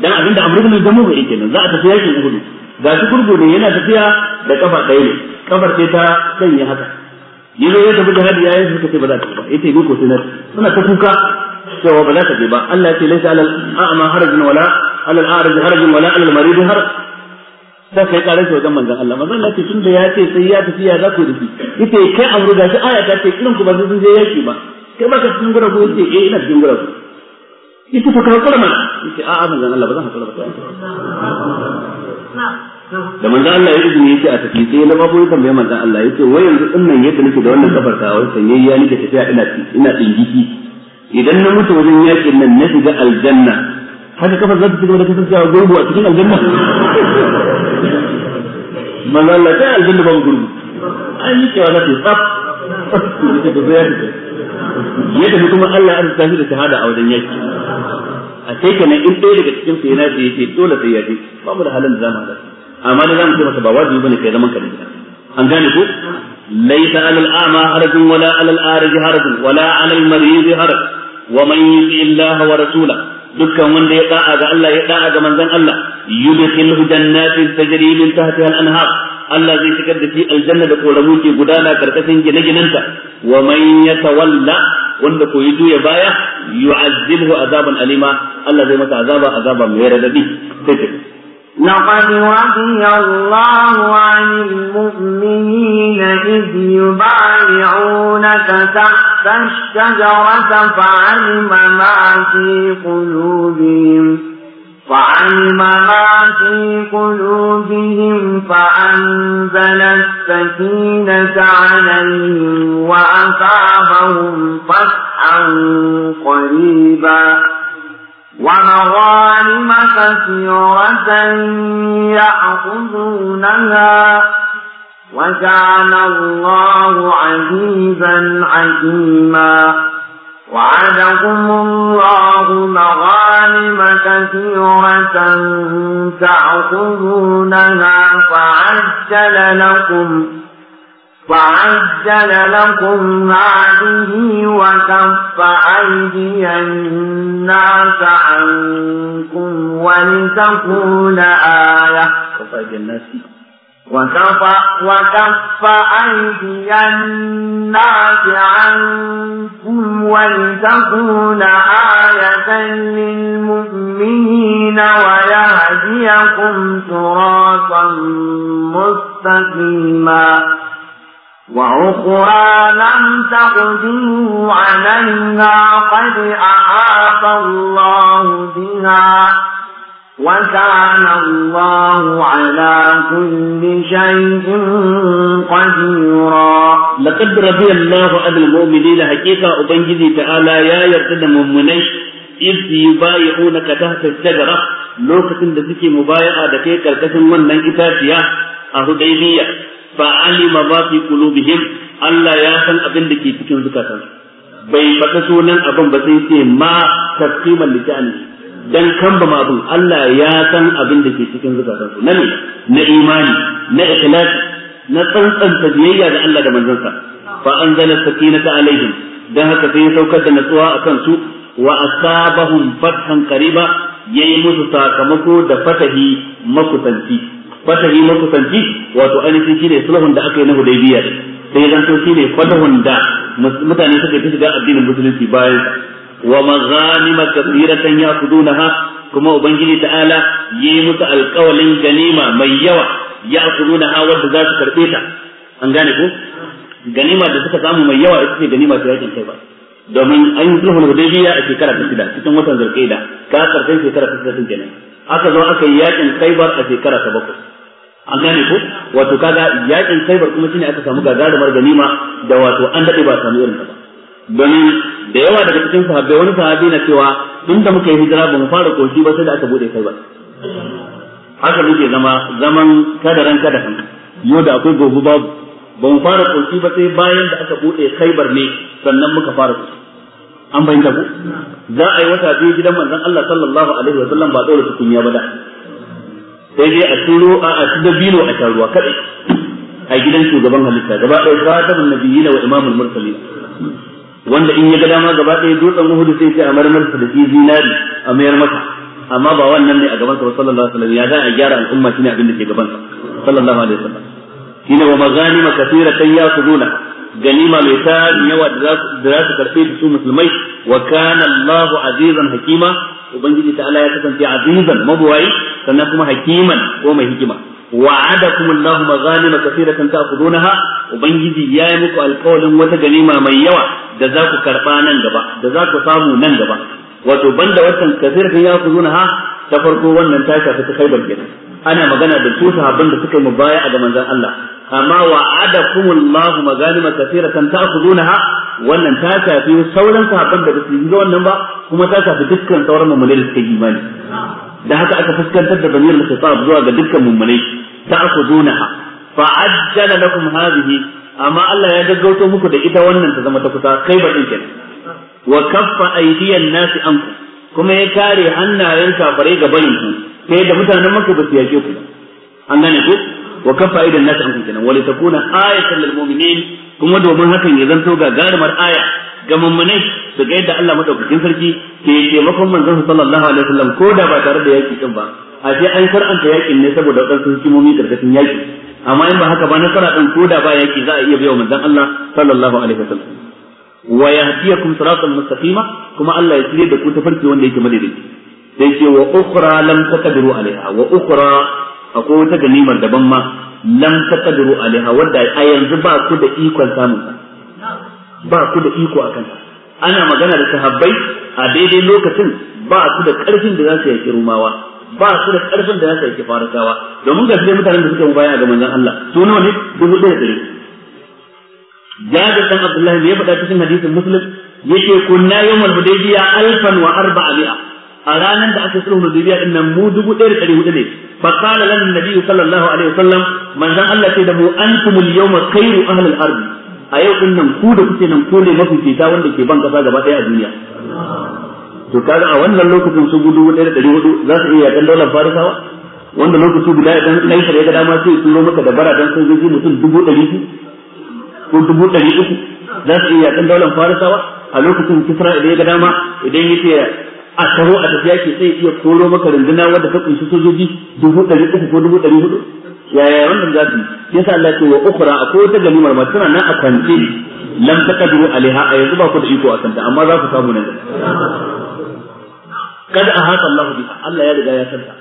dan abin da amurka mai zama bai kenan za a tafi yakin uhudu ga shi gurgu ne yana tafiya da kafa ɗaya ne kafar sai ta sanya haka ne ya tafi jihadi ya yayin suka ce ba za ta ba yace ni ko sai na suna ta kuka cewa ba za ta je ba Allah ya ce laisa alal a'ma harajun wala alal a'raj harajun wala alal marid haraj sai kai kare shi wajen manzon Allah manzon Allah ce tunda ya ce sai ya tafi ya za ku rufi yace kai amru shi aya ta ce irin ku ba sun je yaki ba kai ba ka cikin gura ku yace eh ina cikin gura ku yace fa ka kula mana yace a'a manzon Allah ba zan hakura ba da manzon Allah ya izini yace a tafi sai na babu yakan bai manzon Allah yace wai yanzu din nan yadda nake da wannan kafar ta wai sanyayya nake tafiya ina ci ina dingiki idan na mutu wajen yakin nan na shiga aljanna haka kafar zata shiga ci gaba da kasancewa gurbu a cikin aljanna manzo Allah ta aljanna ban gurbi an yi cewa za ta tsaf ya tafi kuma Allah an tafi da shahada a wajen yaki a sai kenan in ɗaya daga cikin su yana da yake dole sai ya je ba mu da halin da za mu haɗa amma da zamu ce masa ba wajibi bane kai zaman ka da an gane ku. laysa alal a'ma harajun wala alal arij harajun wala alal marid haraj wa man yuti illaha wa rasulahu dukkan wanda ya da'a ga Allah ya da'a ga manzon Allah yudkhilhu jannatin tajri min tahtiha al-anhar Allah zai shigar da shi aljanna da koramu ke gudana karkashin gine-ginanta wa man yatawalla wanda ko yi juya baya yu'azzibhu azaban alima Allah zai masa azaba azaba mai radadi sai لقد رضي الله عن المؤمنين إذ يبايعونك تحت الشجرة فعلم ما في قلوبهم فعلم ما في قلوبهم فأنزل السكينة عليهم وأصابهم فتحا قريبا ومغالم كثيرة يأخذونها وكان الله عزيزا عزيما وعدكم الله مغانم كثيرة تأخذونها فعجل لكم وعجل لكم هذه وكف أيدي الناس عنكم ولتكون آية وكف وكف أيدي الناس عنكم ولتكون آية للمؤمنين ويهديكم صراطا مستقيما وأخرى لم تقدروا عليها قد أحاط الله بها وكان الله على كل شيء قديرا لقد رضي الله عن المؤمنين حقيقة أبنجزي تعالى يا يرتد مؤمنين إذ يبايعونك تحت الشجرة كنت تسكي مبايعة دكيك الكسم من إتاتيا أهديبية fa alima ma fi qulubihim Allah ya san abin da ke cikin zukatan bai faɗa sunan abin ba sai ce ma tasqiman litani dan kan ba abin Allah ya san abin da ke cikin zukatan na ne na imani na ikhlasi na tsantsanta biyayya da Allah da manzansa fa anzala sakinata alaihim dan haka sai ya saukar da natsuwa akan su wa asabahum fathan qariba yayi musu sakamako da fatahi makusanci fatari makusanci wato ainihin shine sulhun da aka yi na hudaybiya sai zan to shine fatahun da mutane suka yi shiga addinin musulunci bayan wa maghanima kathiratan yakudunaha kuma ubangiji ta'ala yi musu alƙawalin ganima mai yawa yakudunaha wanda za su karbe ta an gane ko ganima da suka samu mai yawa ita ce ganima ta yakin kai ba domin an yi sulhun hudaybiya a shekara ta shida cikin watan zulqaida ka karshen shekara ta shida kenan aka zo aka yi yakin ba a shekara ta bakwai an gane ko wato kaga yakin Khaibar kuma shine aka samu gagarumar ganima da wato an dade ba samu irin ba domin da yawa daga cikin sahabbai wani sahabi na cewa inda muka yi hijira ba mu fara koshi ba sai da aka bude Khaibar haka muke zama zaman kada ran kada hanka yau da akwai gobe babu ba mu fara koshi ba sai bayan da aka bude Khaibar ne sannan muka fara koshi an bayyana ku za a yi wata biyu gidan manzon Allah sallallahu alaihi wa sallam ba dole kunya ba da sai dai a turo a a dabino a taruwa kadai a gidan shugaban halitta gaba ɗaya khatabun nabiyyin wa imamul mursalin wanda in ya ga dama gaba ɗaya dutsen Uhud sai ce a marmar da shi zinari a mayar masa amma ba wannan ne a gaban sa sallallahu alaihi wasallam ya ga a gyara al'umma shine abin da ke gaban sa sallallahu alaihi wasallam shine wa magani kan ya kathiratan yaquluna ganima mai tarin yawa da za su karfe su musulmai wa kana Allahu azizan hakima ubangiji ta Allah ya kasance azizan mabuwai sannan kuma hakiman ko mai hikima wa'adakum Allahu maghanima kaseeratan ta'khudunaha ubangiji ya yi muku alƙawarin wata ganima mai yawa da za ku karba nan gaba da za ku samu nan gaba wato banda wannan kaseeratan ya'khudunaha ta farko wannan ta shafi ta Khaibar kenan ana magana da su sahabban da suka yi mubaya ga manzon Allah amma wa'adakumullahu maganima kathiratan ta'khudunaha wannan ta shafi sauran sahabban da su ga wannan ba kuma ta shafi dukkan sauran mummune da suka imani da haka aka fuskantar da damir al-khitab zuwa ga dukkan mummune ta'khudunaha fa'ajjala lakum hadhihi amma Allah ya gaggauto muku da ita wannan ta zama ta kusa kai ba din kenan wa kaffa aydiyan nasi ankum kuma ya kare hannayen kafarai ga barin ku sai da mutanen maka ba su yake ku an gane ku wa kafa idan nasu an kenan wali kuna ayatan lil mu'minin kuma domin hakan ya zanto ga garimar aya ga mummune su ga yadda Allah madaukakin sarki ke taimakon manzon sallallahu alaihi wasallam ko da ba tare da yaki din ba a sai an faranta yakin ne saboda wadansu kimomi karkashin yaki amma in ba haka ba nasara ɗan ko da ba yaki za a iya biya manzon Allah sallallahu alaihi wasallam wa yahdiyakum siratan mustaqima kuma Allah ya tsire da ku tafarki wanda yake madaidaici sai ce wa ukhra lam taqdiru alaiha wa ukhra akwai wata ganimar daban ma lam taqdiru alaiha wanda a yanzu ba ku da ikon samun ba ku da iko akan ana magana da sahabbai a daidai lokacin ba su da karfin da za su yaki rumawa ba su da karfin da za su yaki farisawa domin ga sai mutanen da suke mu baya ga manzon Allah su nawa ne dubu ɗaya ɗari jabir dan Abdullahi ne ya faɗa cikin hadisin Muslim yake kunna yawmal hudaybiya alfan wa arba'a mi'a a ranar da aka sulhu zubiya din nan mu dubu ɗaya da ɗari hudu ne fa qala lan nabi sallallahu alaihi wasallam manzon Allah ce da mu antumul yawma khairu ahli al-ard a yau din nan ku da kuke nan ko ne mafi fita wanda ke ban kasa gaba ɗaya a duniya to kaga a wannan lokacin su gudu ɗaya da ɗari hudu za su iya yakan daular farisawa wanda lokacin guda idan kaisar ya ga dama sai zo maka da bara dan zai mutum dubu ɗari ko dubu ɗari uku za su iya yakan daular farisawa a lokacin kisra idan ya ga dama idan ce a taro a tafiya ke sai iya koro maka runduna wadda ta kunshi sojoji dubu ɗari uku ko dubu ɗari hudu yaya wannan za su yi yasa Allah ce wa ukura akwai wata ganimar ma tana nan a kwance lam taqdiru alaiha a yanzu ba ku da iko a kanta amma za ku samu nan kada a haƙa Allah biha Allah ya riga ya santa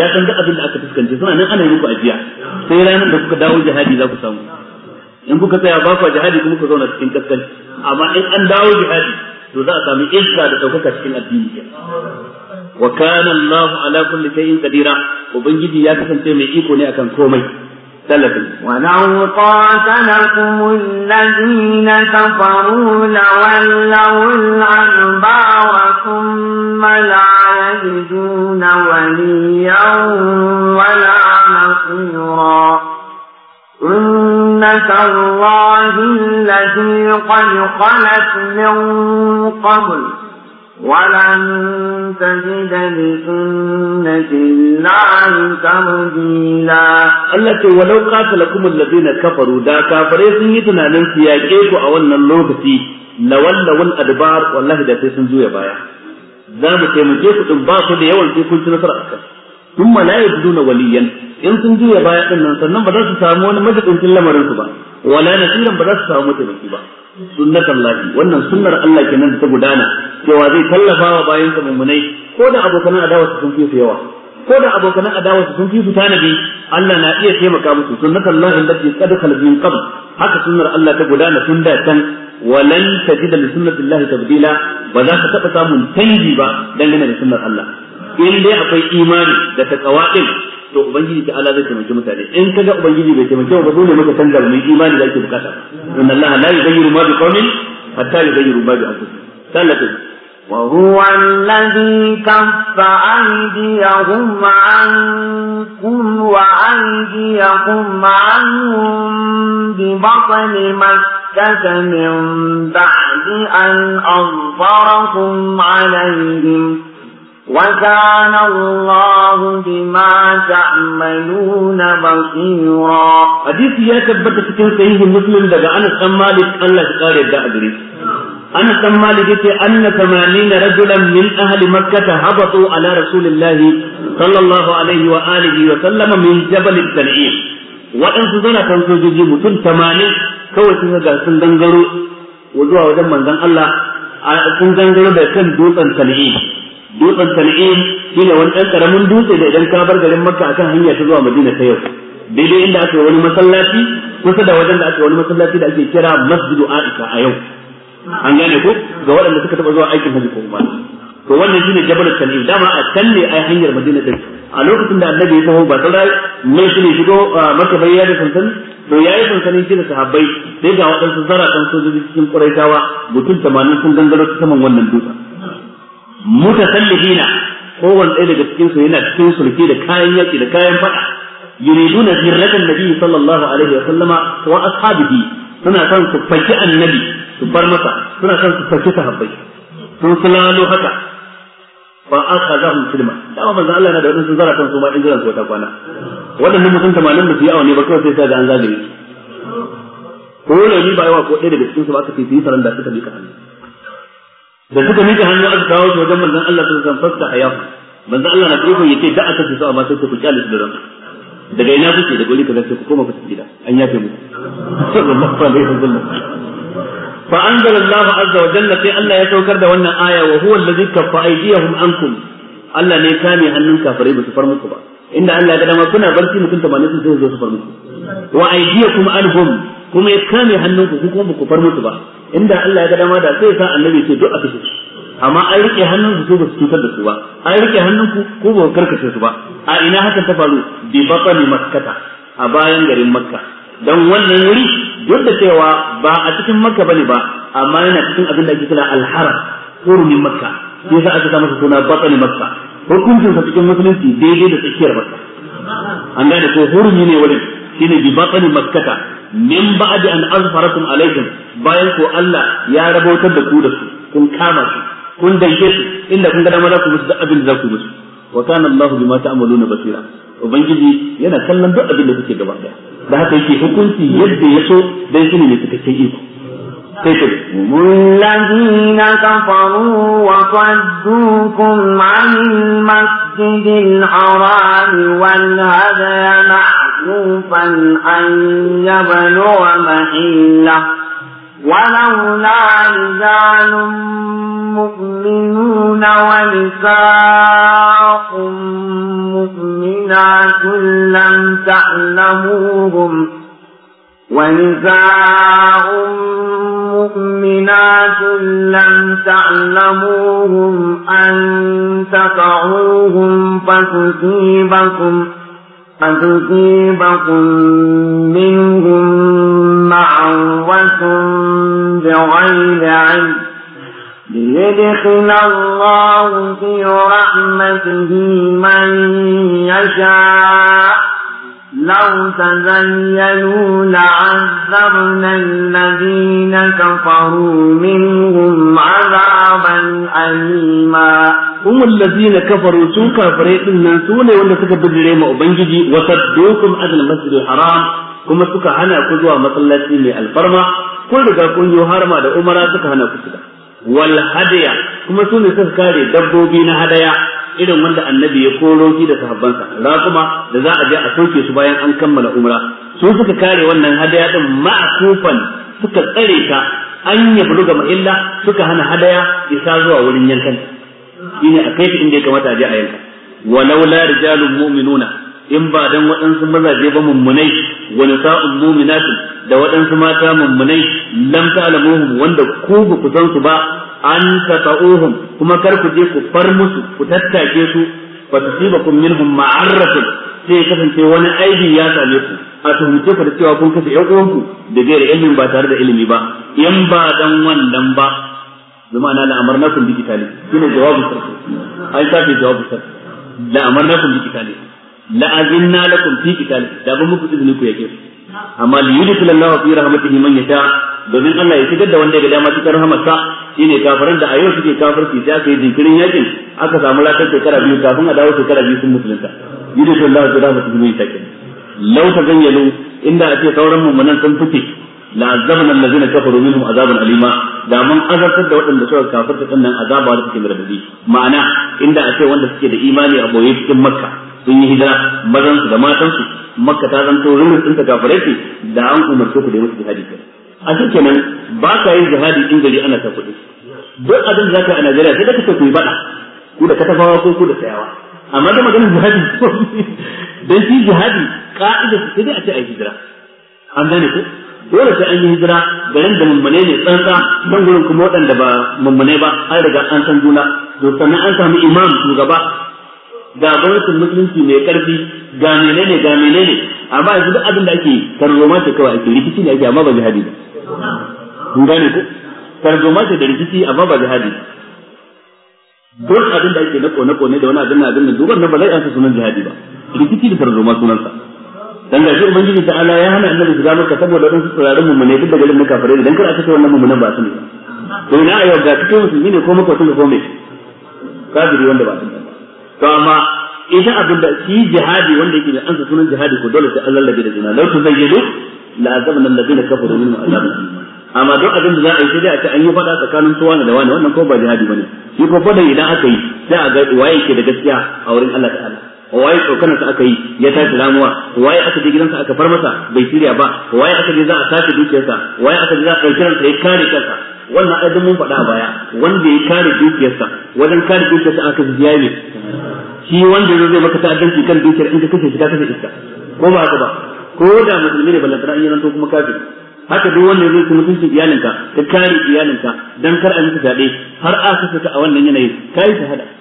ya san duk abin da aka fuskanci suna nan ana yi muku ajiya sai ranar da kuka dawo jihadi za ku samu in kuka tsaya ba ku jihadi kuma ku zauna cikin kaskanci amma in an dawo jihadi to za a sami izza da ɗaukaka cikin addini ke. Wa kana Allahu ala kulli shay'in qadira, ubangiji ya kasance mai iko ne akan komai. Talabin. Wa na qatala kum alladhina kafaru law wa سنة الله التي قد خلت من قبل ولن تجد لسنة الله تبديلا التي ولو قاتلكم الذين كفروا دا كافرين سيدنا ننسي يجيكوا أولنا اللوبتي لولوا الأدبار والله دا تسنزوا يا بايا za mu taimake ku din ba su da yawan sai kun ci nasara thumma la yajiduna waliyan in sun juya baya din nan sannan ba za su samu wani majibincin lamarin su ba wala nasiran ba za su samu mataimaki ba sunnatan lahi wannan sunnar Allah kenan da ta gudana cewa zai tallafa wa bayan sa mummunai ko da abokan adawa su sun fi su yawa ko da abokan adawa su sun fi su tanabi, Allah na iya taimaka musu sunnatan lahi allati qad khala min qabl haka sunnar Allah ta gudana tun da can walan tajida li sunnatillahi tabdila ba za ka taba samun canji ba dangane da sunnar Allah in dai akwai imani da takawa din to ubangiji ta Allah zai taimaki mutane in kaga ubangiji bai taimake ba dole maka canza mu imani da ake bukata inna allaha la yughayyiru ma biqawmin hatta yughayyiru ma bi anfusihim sallatu وهو الذي كف أيديهم عنكم وأيديكم عنهم ببطن مكة من بعد أن أظهركم عليهم وكان الله بما تعملون بصيرا حديث يا تبت cikin sahihi muslim daga Anas bin Allah ya kare da adri Anas bin Malik yace anna 80 rajulan min ahli makkah habatu ala rasulillah sallallahu alaihi wa alihi wa sallama min jabal al-tan'im waɗansu kan sojoji mutum 80 kawai sun ga wajen Allah sun da kan dutsen tan'im dutsen sana'in ne wani ɗan ƙaramin dutse da idan ka bar garin makka akan hanya ta zuwa madina ta yau daidai inda aka wani masallaci kusa da wajen da aka wani masallaci da ake kira masjidu aisha a yau an gane ku ga waɗanda suka taɓa zuwa aikin hajji ko umar to wannan shine jabal sana'in dama a can ne a hanyar madina ta a lokacin da annabi ya taho ba mai shi shigo makka bai ya da sansan to ya yi sansanin shi da sahabbai sai ga waɗansu zaratan sojoji cikin ƙuraitawa mutum tamanin sun gangaro ta saman wannan dutsen mutasallihina kowanne ɗaya daga cikin su yana cikin sulke da kayan yaki da kayan fada yuriduna zirratan nabi sallallahu alaihi wa sallama wa ashabihi suna son su faki annabi su bar masa suna son su faki sahabbai sun sulalo haka fa akhadahum silma ba manzo Allah yana da sun zara kan su ma din jiran su wata kwana wadannan mutum tamanin da su yi awani ba kawai sai sai ga an zagaye ko ne ba yawa ko ɗaya daga cikin su ba aka fi yi saran da suka bi ka hannu da suka mika hannu aka kawo su wajen manzon Allah ta san fasta hayafu manzon Allah na tsofin yace da aka su amma sai ku kyale su da ran daga ina kuke da guri kaza sai ku koma ku gida an yafe muku sallallahu alaihi wasallam fa anzala Allah azza wa jalla sai Allah ya saukar da wannan aya wa huwa allazi kaffa aydiyahum ankum Allah ne kame hannun kafirai ba su far muku ba inda Allah ya dama kuna barci mutum 80 sai zo su far muku wa aydiyakum anhum kuma ya kame hannunku ku kuma ku far musu ba inda Allah ya ga dama da sai sa annabi ce duk a kashe su amma an rike hannun su ba su cutar da su ba an rike hannun ku ko ba karkace su ba a ina hakan ta faru bi ni makkata a bayan garin makka dan wannan wuri duk da cewa ba a cikin makka bane ba amma yana cikin abin da ake kira al-haram hurumin makka sa aka sa masa suna ni makka hukuncin sa cikin musulunci daidai da tsakiyar makka an gane ko hurumi ne wurin shine bi ni makkata min ba'di an azfarakum alaikum bayan ko Allah ya rabautar da ku da su kun kama su kun danke su inda kun ga dama ku musu da abin za ku musu wa kana Allah bima ta'maluna basira ubangiji yana kallon duk abin da kuke gaba da haka yake hukunci yadda ya so dan shine ne cikakken iko تقتل الذين كفروا وصدوكم عن المسجد الحرام والهدى معروفا أن يبلغ محله ولولا رجال مؤمنون ونساء مؤمنات لم تعلموهم ونساء مؤمنات لم تعلموهم أن تقعوهم فتصيبكم فتصيبكم منهم معوة بغير علم ليدخل الله في رحمته من يشاء لو تزينوا لعذبنا الذين كفروا منهم عذابا أليما هم الذين كفروا سن كافرين إن سونا وأن تكبر ما أبنجي وصدوكم عن المسجد الحرام kuma suka hana ku zuwa masallaci mai alfarma ko daga harma da umara suka hana ku shiga wal kuma su ne kare dabbobi na hadaya irin wanda annabi ya koro shi da sahabbansa kuma da za a je a soke su bayan an kammala umra su suka kare wannan hadaya din ma'kufan suka tsare ta an yi buluga ma'illa suka hana hadaya isa zuwa wurin yankan shine a kai inda ya kamata a je a yanka walau la mu'minuna in ba dan waɗansu mazaje ba mummunai wa nisa'un mu'minatin da waɗansu mata mummunai lam ta'lamuhum wanda ku ba ku san su ba an tata'uhum kuma kar ku je ku far musu ku tattake su fa tusibakum minhum ma'arratun sai kasance wani aibi ya same ku a tuhumce ku da cewa kun kashe ƴan uwanku da gaira ilimin ba tare da ilimi ba in ba dan wannan ba Zuma na la'amarnakum bi shine jawabu sarki an shafe jawabu sarki la'amarnakum bi la azinna lakum fi qital da ba muku izini ku yake amma li yudkhil Allahu fi rahmatihi man yasha domin Allah ya shigar da wanda ya ga dama cikin rahmatsa shine kafirin da a yau suke kafirci da kai dinkirin yakin aka samu latar shekara biyu kafin a dawo shekara biyu sun musulunta yudkhil Allahu fi rahmatihi man yasha law tazayyalu inda ake sauran mummunan sun fice la azabna allazina kafaru minhum azaban alima da mun azabtar da waɗanda suka kafirta din nan azaba da take radadi ma'ana inda a ce wanda suke da imani a boye cikin makka sun yi hijira mazan su da matan su makka ta zanto rumin din ta kafirai ce da an umarce ku da musu jihadi kenan a cikin nan ba ka yin jihadi in gari ana ta kuɗi duk abin da zaka a Najeriya sai da kace ku yi bada ku da katafawa ko ku da tsayawa amma da maganar jihadi dan shi jihadi ka'ida sai dai a ce a yi hijira an gane ku dole sai an yi hijira garin da mummune ne tsantsa nan gurin kuma waɗanda ba mummune ba an riga an san juna to sannan an samu imam shugaba ga gwamnatin musulunci mai karfi ga menene ga menene amma yanzu duk abin da ake tarzoma ce kawai ake rikici ne ake amma ba jihadi ba kun gane ko tarzoma ce da rikici amma ba jihadi duk abin da ake na kone kone da wani abin na abin na duk wannan ba zai ansa sunan jihadi ba rikici da tarzoma sunansa dan da shi ubangiji ta Allah ya hana annabi zama ka saboda wadansu mu ne duk da garin na fare dan kar a ce wannan mummunan ba su ne to ina a yau ga kake shi ne ko muka tunga ko me kafiri wanda ba su ne to amma idan abin da shi jihadi wanda yake da ansa sunan jihadi ko dole sai Allah labi da jina lau tuzayyidu la azabna alladheena kafaru minhum azab amma duk abin da za a yi sai dai a ce an yi fada tsakanin tuwa da wani wannan ko ba jihadi bane shi ko fada idan aka yi sai a ga waye ke da gaskiya a wurin Allah ta'ala waye tsokanar sa aka yi ya tashi ramuwa waye aka je gidansa aka far masa bai shirya ba waye aka je za a sace dukiyarsa waye aka je za a ɗauki ransa ya kare kansa wannan ai mun faɗa a baya wanda ya kare dukiyarsa wajen kare dukiyarsa aka ji yayi shi wanda zai maka ta'addanci kan dukiyar in ka kashe shi ka kashe iska ko ba haka ba ko da musulmi ne ballantana in to kuma kafiri haka duk wanda zai kuma mutunci iyalinka ka kare iyalinka dan kar a miki fyaɗe har a kashe a wannan yanayin kai shahada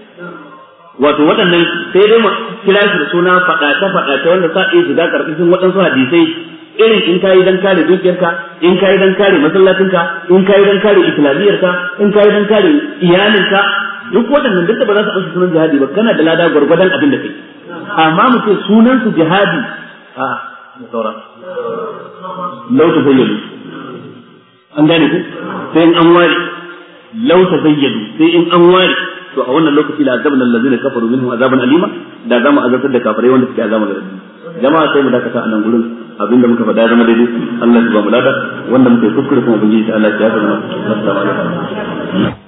wato waɗannan sai dai mu kira da suna faɗace faɗace wanda sa iya shiga sun waɗansu hadisai irin in kayi dan kare dukiyarka in kayi dan kare masallacinka in kayi dan kare islamiyarka in kayi dan kare iyalinka duk waɗannan duk da ba za su ɗauki sunan jihadi ba kana da lada gwargwadon abin da kai amma mu ce sunan su jihadi a saura lauta zayyadu an gane ku sai in an ware lauta zayyadu sai in an ware to a wannan lokaci la azabna allazina kafaru minhum azaban alima da za mu azabtar da kafirai wanda suke azaba garadi jama'a sai mu dakata a nan gurin abinda muka faɗa zama daidai Allah ya ba mu lada wanda muke kuskure kuma ubangiji ta Allah ya tsaya mana assalamu alaikum